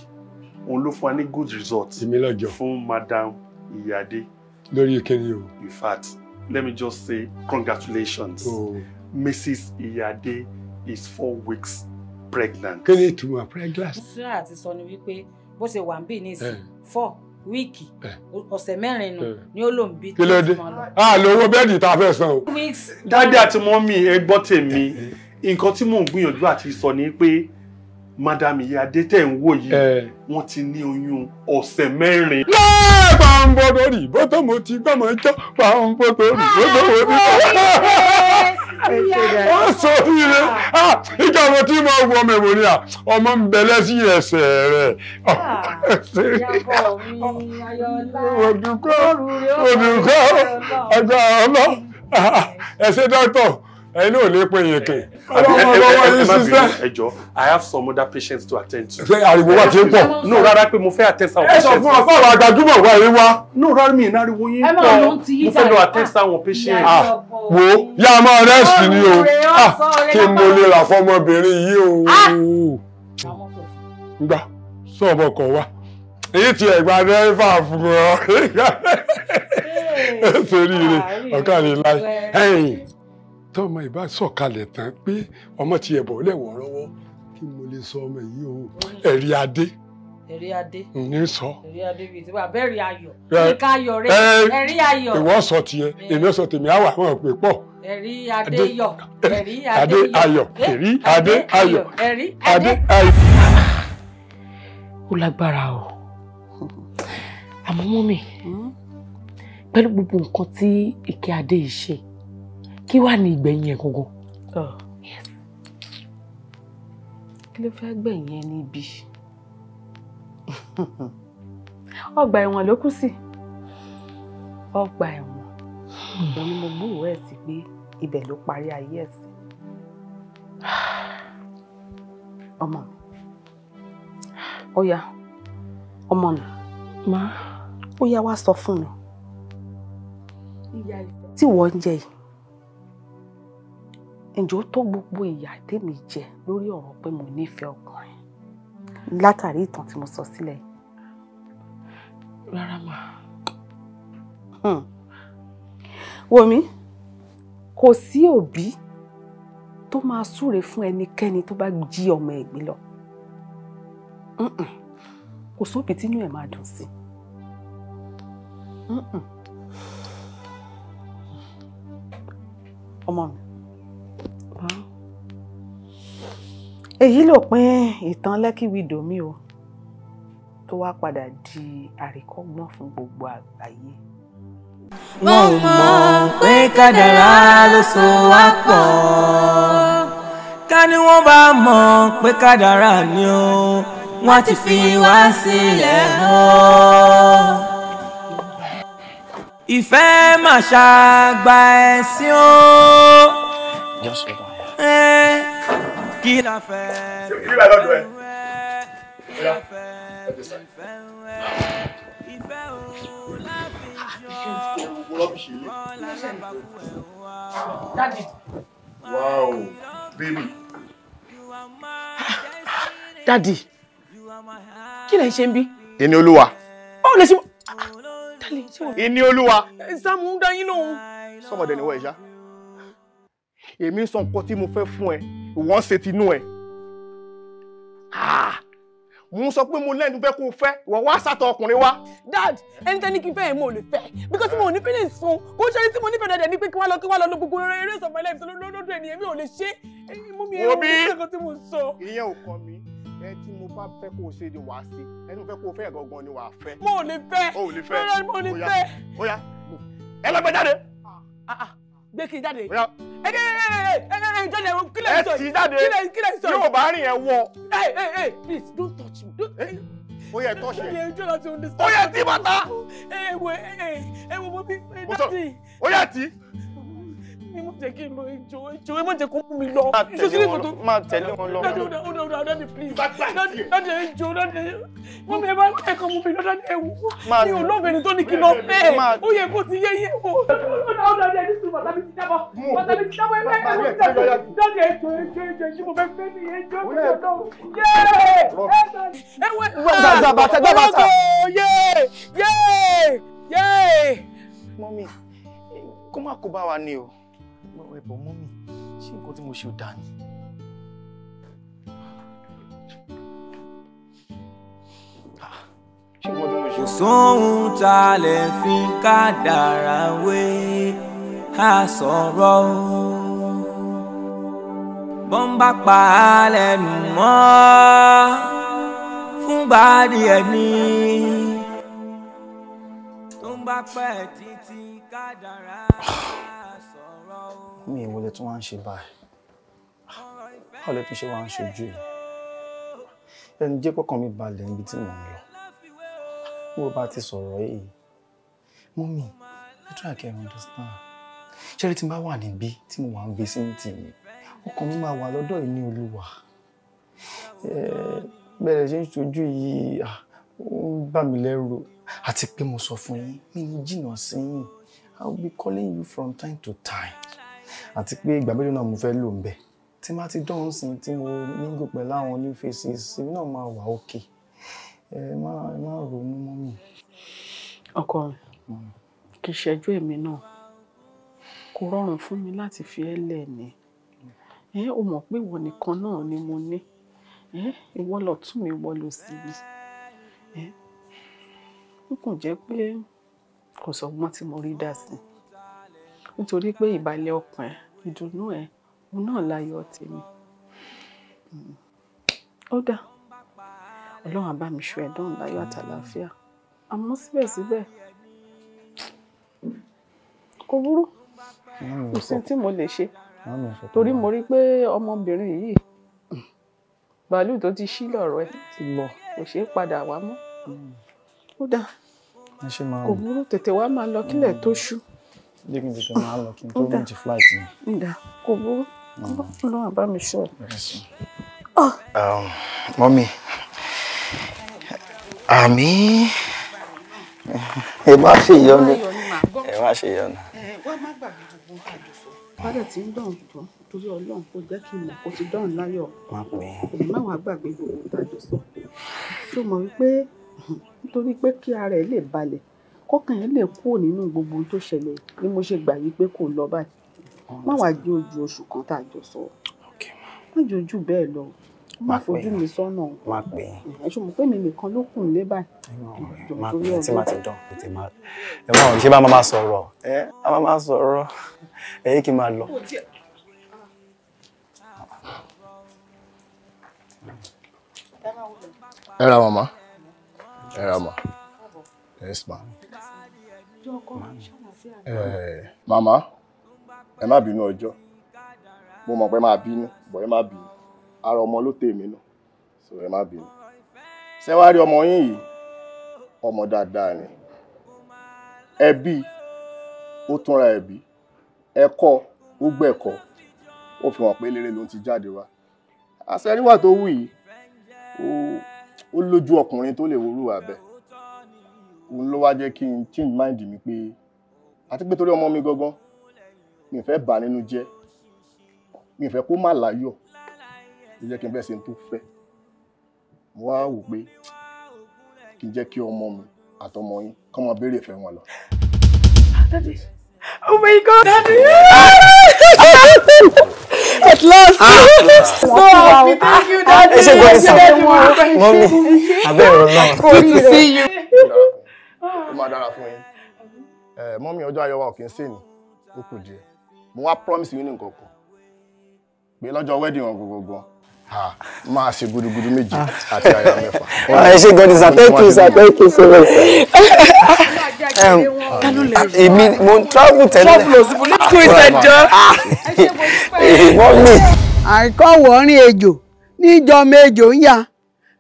S5: òun ló fún wa ní good result fún madam Ìyáde lórí ìkíni o in fact let me just say congratulations oh. Mrs. Ìyáde is four weeks pregnant. kí ni ìtumọ̀ pregnant.
S8: sísè àti sọ ni wípé bó ṣe wà ń bì ní ìsìn eh. four wíìkì eh. ọ̀sẹ̀ mẹ́rin nù eh. ni ó lò ń bí. kí ló dé a lo owó
S5: bẹ́ẹ̀dì tá a fẹ́ san o. dádì àti mọ́mí ẹ gbọ́ tèmi nǹkan tí mò ń gbìyànjú àti sọ ni pé madam iye adé tẹ̀ ń wò yìí eh. wọ́n ti ní oyún ọ̀sẹ̀ mẹ́rin. lẹ́ẹ̀ bá ń bọ́ lórí bó mo ti gbọ́mọ̀ jọ́ bá ń bọ́ lórí bó mo ti gbọ́mọ̀
S6: jọ́ ó sọ
S2: ire ah, ìjà àwọn tí máa wọ ọmọ ìwò ni à ọmọ ń bẹ lẹ́sìn ẹsẹ̀ rẹ̀. olùkọ́ olùkọ́ ọjọ́ ọlọ́ ẹ̀sẹ̀ dọ́tọ̀ ẹni ò lè pe yèké ọlọ́mọ lọ́wọ́ yìí ṣiṣẹ́.
S5: ẹjọ i have some other patients to attend to. ṣe ariwo wa ti ń pọ̀. no rárá pé mo fẹ́ attend sáwọn patients. ẹ sọ fún wa fáwọn àgbàdúgbò wa yìí wá. no rárá mi ìnáriwo yín pọ̀ mo fẹ́ lọ attend sáwọn patients. Ah, ah, wo
S2: yá a máa rẹ́sì ni o ah, kí mo lè rà fọmọbìnrin yìí o. gbà sọ ọmọ kan wá èyí ti ẹ̀gbà dẹ́fà fún ọ. sórí ire ọ̀kadì láì ẹ̀yìn tọ́mọ ìbá sọ̀kalẹ̀ tán pé ọmọ ti ẹ̀bọ̀ lẹ́wọ̀ rọ́wọ́ kí mo lè sọ ọmọ yìí o ẹ̀rí adé. ẹ̀rí adé. ní sọ.
S8: ẹ̀rí adé bíi ti wà bẹ́ẹ̀rì ayọ̀ kíkà ayọ̀ rẹ ẹ̀rí ayọ̀. ìwọ
S2: sọ tiẹ̀ èmi sọ tèmi á wà wọn pè pọ̀.
S8: ẹ̀rí adé yọ̀ ẹ̀rí adé ayọ̀
S2: ẹ̀rí adé ayọ̀
S8: ẹ̀rí adé ayọ̀.
S1: ó lágbára o
S3: àmọ́ mọ́mì hmm? pẹ̀lú gbogbo nǹkan tí ìkẹ́ adé yìí ṣe
S1: kí wàá ní ìgbẹ̀yìn ẹ̀ gangan. Ah. kí ló fẹ́ gbẹ̀yìn ẹ níbi ọgbà ẹ̀wọ̀n ló kù sí ọgbà ẹ̀wọ̀n òun ni mo gbúròó ẹ̀ sí pé ibẹ̀ ló parí ayé ẹ̀ sí ọmọ mi ó yá ọmọ mi má ó yá wá sọ fún mi ìyá ìfẹ́ tí wọ́n ń jẹ yìí ǹjọ́ tó gbogbo ìyà tèmi jẹ lórí ọ̀rọ̀ pé mo nífẹ̀ẹ́ ọkùnrin látàrí ìtàn tí mo sọ sílẹ̀ yìí. rárá mà. Hmm. wò mí kò sí òbí tó máa súre fún ẹnikẹ́ni tó bá jí ọmọ ẹ̀ lọ kò sóbi tínú ẹ̀ máa dùn sí. ọmọ mi. èyí ló pín ìtàn Lẹ́kì wìdò mi o tó wá padà di àríkọ́gbọ́n fún gbogbo àgbáyé. wọ́n mọ̀ pé kádàrá
S6: ló so wá pọ̀ ká ní wọ́n bá mọ̀ pé kádàrá ni ó wọ́n ti fi wá sílẹ̀ hàn. ìfẹ́ màṣá gba ẹ̀sìn o. just kí la fẹ́ ìfẹ́ wẹ́ kí la fẹ́ ìfẹ́ wẹ́ ìfẹ́ o láti jọ ọ̀làlábàkú ẹ̀ wá.
S10: wow baby.
S3: Ah, dadi kí lẹ ń ṣe ń bí. ìní olúwa. báwo lè ṣe. ìní ah, olúwa. ìsàmù ń dá yín lóhùn.
S10: sọmọdé ni wọ́n ẹ̀ ṣá èmi ń sọ nǹkan tí mo fẹ́ fún ẹ ìwọ ń ṣe tinú ẹ ah! mo sọ pé mo lẹ́nu fẹ́ kó o fẹ́ ìwọ wá sátọ ọkùnrin wa. dad
S3: ẹni tẹ́ni kí n fẹ́ ẹ̀ mo ò lè fẹ́ because mo ò ní feelings fún kó ṣe tí mo nífẹ̀ẹ́ dẹ̀dẹ̀ ni pé kí wọ́n lọ kí wọ́n lọ lo gbogbo eré ìsọ̀mọ́ ilé ìfẹ́ lọ́dọ̀ ènìyàn mi ò lè ṣe mú
S10: ẹ tí mo bá fẹ́ kó o ṣe ni wàá ṣe ẹ tí mo fẹ́ kó o fẹ́ gangan ni wàá fẹ́. mo ò lè fẹ́ o ò lè fẹ́ o ò lè fẹ́. ẹ lọ gbé jáde. Ah, ah, gbé kí n jáde
S3: jáde ẹ̀rọ kílẹ̀ sọ yìí kílẹ̀ kílẹ̀ sọ yìí. yóò bá rìn ẹ wọ. ẹ ẹ ẹ please don't touch me. Eh? ó yẹ touch ẹ ó yẹ tí bàtà. ẹ wo ẹ wo mo bí. ó yẹ tí ẹ má jẹ́ kí n lọ ìjọ ìjọ ẹ má jẹ́ kó mú mi lọ. máa tẹ̀lé wọn lọ. dáadé ọ̀dà ọ̀dà ọ̀dà dáadé please. dáadé dáadé ìjọ dáadé mọ mi ẹ bá tẹ̀ kọ́ mú mi lọ dáadé ẹ̀wù. mi ò lọ́ọ̀bẹ̀ ni tó ní kí n lọ fẹ́ ẹ̀ ó yẹ kó ti yé yé o. ọ̀dà ọ̀dà ọ̀dà ẹni sùn bàtà mi ti jábọ̀ bàtà mi ti jábọ̀ ẹ bẹ́ẹ̀ ẹ bẹ́ẹ̀ dáadé ìjọ ìjọ ìjọ ìjọ mo fẹ́ fẹ́ ni ìjọ ìjọ ẹ wẹ gbàgbà bàtà gbàgbà bàtà. yéé yéé yéé.
S10: mọ́mí kó má kó bá wa ní o ẹ̀bọ̀ mú mi ṣé nǹkan tí mo ṣe ò dáa ni. kò sóhun
S6: tá a lè fi kádàrá wé a sọ̀rọ̀ o. bọ́ńbà pa á lẹ́nu mọ́ fúngbà díẹ̀ ni tó ń bá pẹ́ títí kádàrá
S7: mi ìwọlé tí wọ́n ń ṣe báyìí ah, báwo lè tún ṣe wọ́n ń ṣojú ẹ̀
S10: ẹni jẹ́ kọ́kàn mi balẹ̀ níbi tí mò ń lọ bó bá ti sọ̀rọ̀ yìí mọ́mì ẹ try to understand ṣẹ́rí tí n bá wà níbí tí mo wà ń bí sí ti yìí ọkàn mi máa wà lọ́dọ̀ ìní olúwa bẹ́ẹ̀ ṣe ń ṣojú yìí ah, ó ń bà mí lẹ́rù àti pé mo sọ fún yín mi ní jìnnà sí yín I will be calling you from time to time àti pé ìgbà mélòó náà mo fẹ́ lò ń bẹ̀ tí má ti dán sin tí mo nígò pẹ̀lú àwọn new faces èmi náà máa wà òkè ẹ má ẹ má ronú mọ́ mi. ọkọ mi hmm.
S1: kì í ṣẹ́jú èmi náà kò rọrùn fún mi láti fi ẹ́ lẹ̀ ni ẹ o mọ̀ pé ìwọ nìkan náà ni mo ní ẹ ìwọ lọ tún mi wọ lọ sí mi ẹ ó kàn jẹ́ pé kò sọ́gbọ́n tí mo rí dá sí i nítorí pé ìbàlẹ̀ ọkàn ẹ̀ ìdùnnú ẹ̀ òun náà láyọ̀ tèmi. Hmm. ó dà ọlọ́run á bá mi ṣọ́ ẹ̀ dán láyọ̀ àtàlàáfíà àmọ́ síbẹ̀síbẹ̀ kò burú kò sí tí mo lè ṣe torí mo rí i pé ọmọbìnrin yìí bàálù tó ti ṣí lọ́rọ̀ ẹ̀ kò ṣeé padà wá mọ́ hmm. ó dà kò burú tètè wá máa lọ kílẹ̀ tó ṣú
S3: jẹ́ kí n tètè máa lọ kí n tó rìn ti flight mi.
S1: ǹda kò burú lọ́wọ́ àbá mi ṣọ́
S10: mọ́mí àmì ẹ má ṣe ìyọnu ẹ má ṣe ìyọnu. wọ́n má gbàgbé
S1: gbogbo àdùfò padà tí ń dán tó torí ọlọ́run kò jẹ́ kí n mọ̀ kó ti dán láyọ̀ èmi máa gbàgbé
S6: gbogbo ìdájọ́ sọ
S1: tó mọ̀ wípé nítorí pé kí ara ẹ̀ lè balẹ̀ kọ́kàn yẹn lè kúrò nínú gbogbo ohun tó ṣẹlẹ̀ ni mo ṣe gbà yí pé kò lọ báyìí má wàá jẹ́ ojú oṣù kan tá a jọ sọ má jẹ́ ojú bẹ́ẹ̀ lọ má fojú mi sọ́nà ẹ ṣe mọ̀ pé mi nìkan ló kùn lé báyìí. máa pè tí màá ti dán
S11: tètè máa ẹ máa ṣe bá máa sọ̀rọ̀ ẹ á máa sọ̀rọ̀ ẹ yé kí n máa lọ.
S10: ẹ ra màmá ẹ ra màmá yes ma. Mama, ẹ má bínú ọjọ́ mo mọ̀ pé máa bínú bọ̀ ẹ má bínú ara ọmọ ló tèmi náà so ẹ má bínú ṣé wàá rí ọmọ yín yìí ọmọ dáadáa ni ẹbí ó túnra ẹbí ẹ̀kọ́ ó gbẹ̀kọ́ ó fi hàn pé eléré ló ń ti jáde wá àṣẹ ríwà tó wù yìí ó lójú ọkùnrin tó lè worú àbẹ́ òun ló wá jẹ́ kí n change mind mi pé àti pé torí ọmọ mi gangan mi fẹ́ bà nínú jẹ́ mi fẹ́ kó má láyọ̀ ló jẹ́ kí n fẹ́ ṣe tó fẹ́ mo wá wò pé kí n jẹ́ kí ọmọ mi àtọmọ yín kọ́ máa béèrè ìfẹ́ wọn lọ.
S9: Oh my God, Daddy! At last! Ah. So happy, thank you, Daddy! Ẹ ṣe
S10: gbọ́ Good to see you ó máa dára fún yín mọ́mí ọjọ́ ayọ̀ wa ò kí ń sè ní ó kù díẹ̀ mo wá promise yín ní nǹkan kan pé lọ́jọ́ wedding wọn gbogbogbò máa ṣe gudugudu méje àti àyà mẹ́fà. Ah, ẹ ṣe gan ni sir thank you sir thank you so much.
S3: èmi mo ń travel tẹ́lẹ̀. travel òsì mo ní kú ìṣẹ́jọ́.
S9: àìkọ́ wọ́ọ́rín ejò níjọ́ méjò ń yá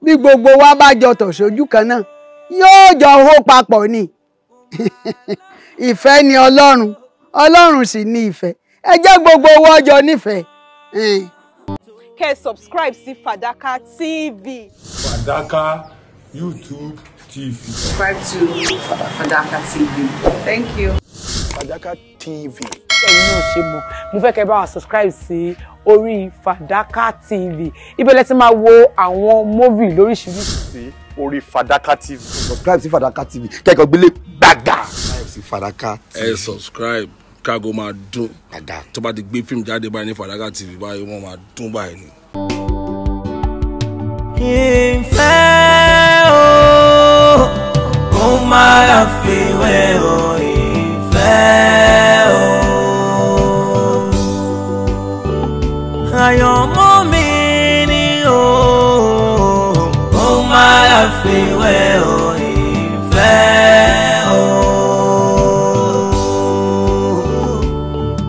S9: bí gbogbo wa bá jọ tọ̀ sójú kan náà yóò jọ hó papọ̀ ni ìfẹ́ ni ọlọ́run ọlọ́run sì ni ìfẹ́ ẹ jẹ́ gbogbo
S10: owó ọjọ́ nífẹ̀ẹ́.
S1: kẹ́ ẹ subscribe sí Fàdákà TV.
S2: Fàdákà YouTube TV.
S1: subscribe to
S3: Fàdákà TV. thank you. Fàdákà TV ẹ̀yin náà ṣe mọ̀ mo fẹ́ kẹ́ bá wa subscribe sí orí Fàdákà TV ibẹ̀lẹ̀ ti máa wo àwọn móvì lóríṣiríṣi.
S5: orí Fàdákà TV.
S4: subscribe sí Fàdákà TV kẹ́kọ̀ọ́ gbélé gbàgà.
S5: sí Fàdákà TV. ẹ subscribe kágo máa dún tó bá ti gbé fíìmù jáde báyìí ní Fàdákà TV báyìí wọ́n máa dún báyìí ni.
S6: ìfẹ́ o ó máa fi wẹ́ òye. àyànmọ́ mi ni o mo máa fi wẹ̀ ọ́ ìfẹ́.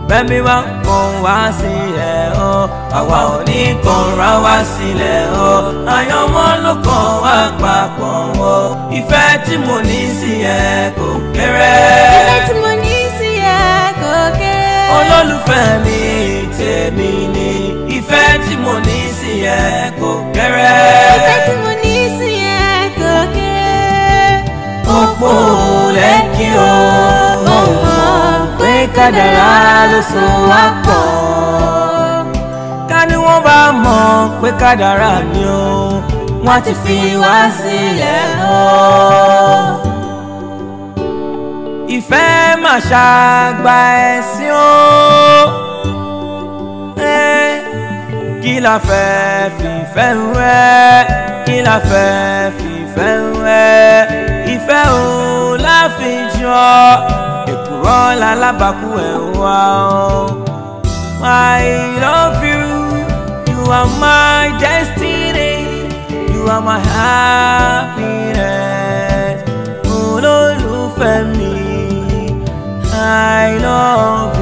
S6: bẹ́mi wá kàn wá sílẹ̀ o àwa ò ní kàn ra wá sílẹ̀ o àyànmọ́ ló kàn wá papọ̀ o ìfẹ́ tí mo ní sí ẹ kò kéré. ìfẹ́ tí mo ní sí ẹ kò kéré. olólùfẹ́ mi tèmi ni ìfẹ́ tí mo ní sí ẹ kò kéré. ìfẹ́ tí mo ní sí ẹ kò kéré. òpó lẹ́kì o. mo pé kádàrá ló so wá pọ̀. ká ní wọ́n bá mọ̀ pé kádàrá ni o wọ́n ti fi wá sílẹ̀ lọ ìfẹ́ mà ṣàgbà ẹ̀sìn o kí la fẹ́ fìfẹ́ rẹ kí la fẹ́ fìfẹ́ rẹ ìfẹ́ òun la fi lálábàkú ẹ̀ wá o. I love you, you are my destiny, you are my happiness. Olólùfẹ́ mi, I love you.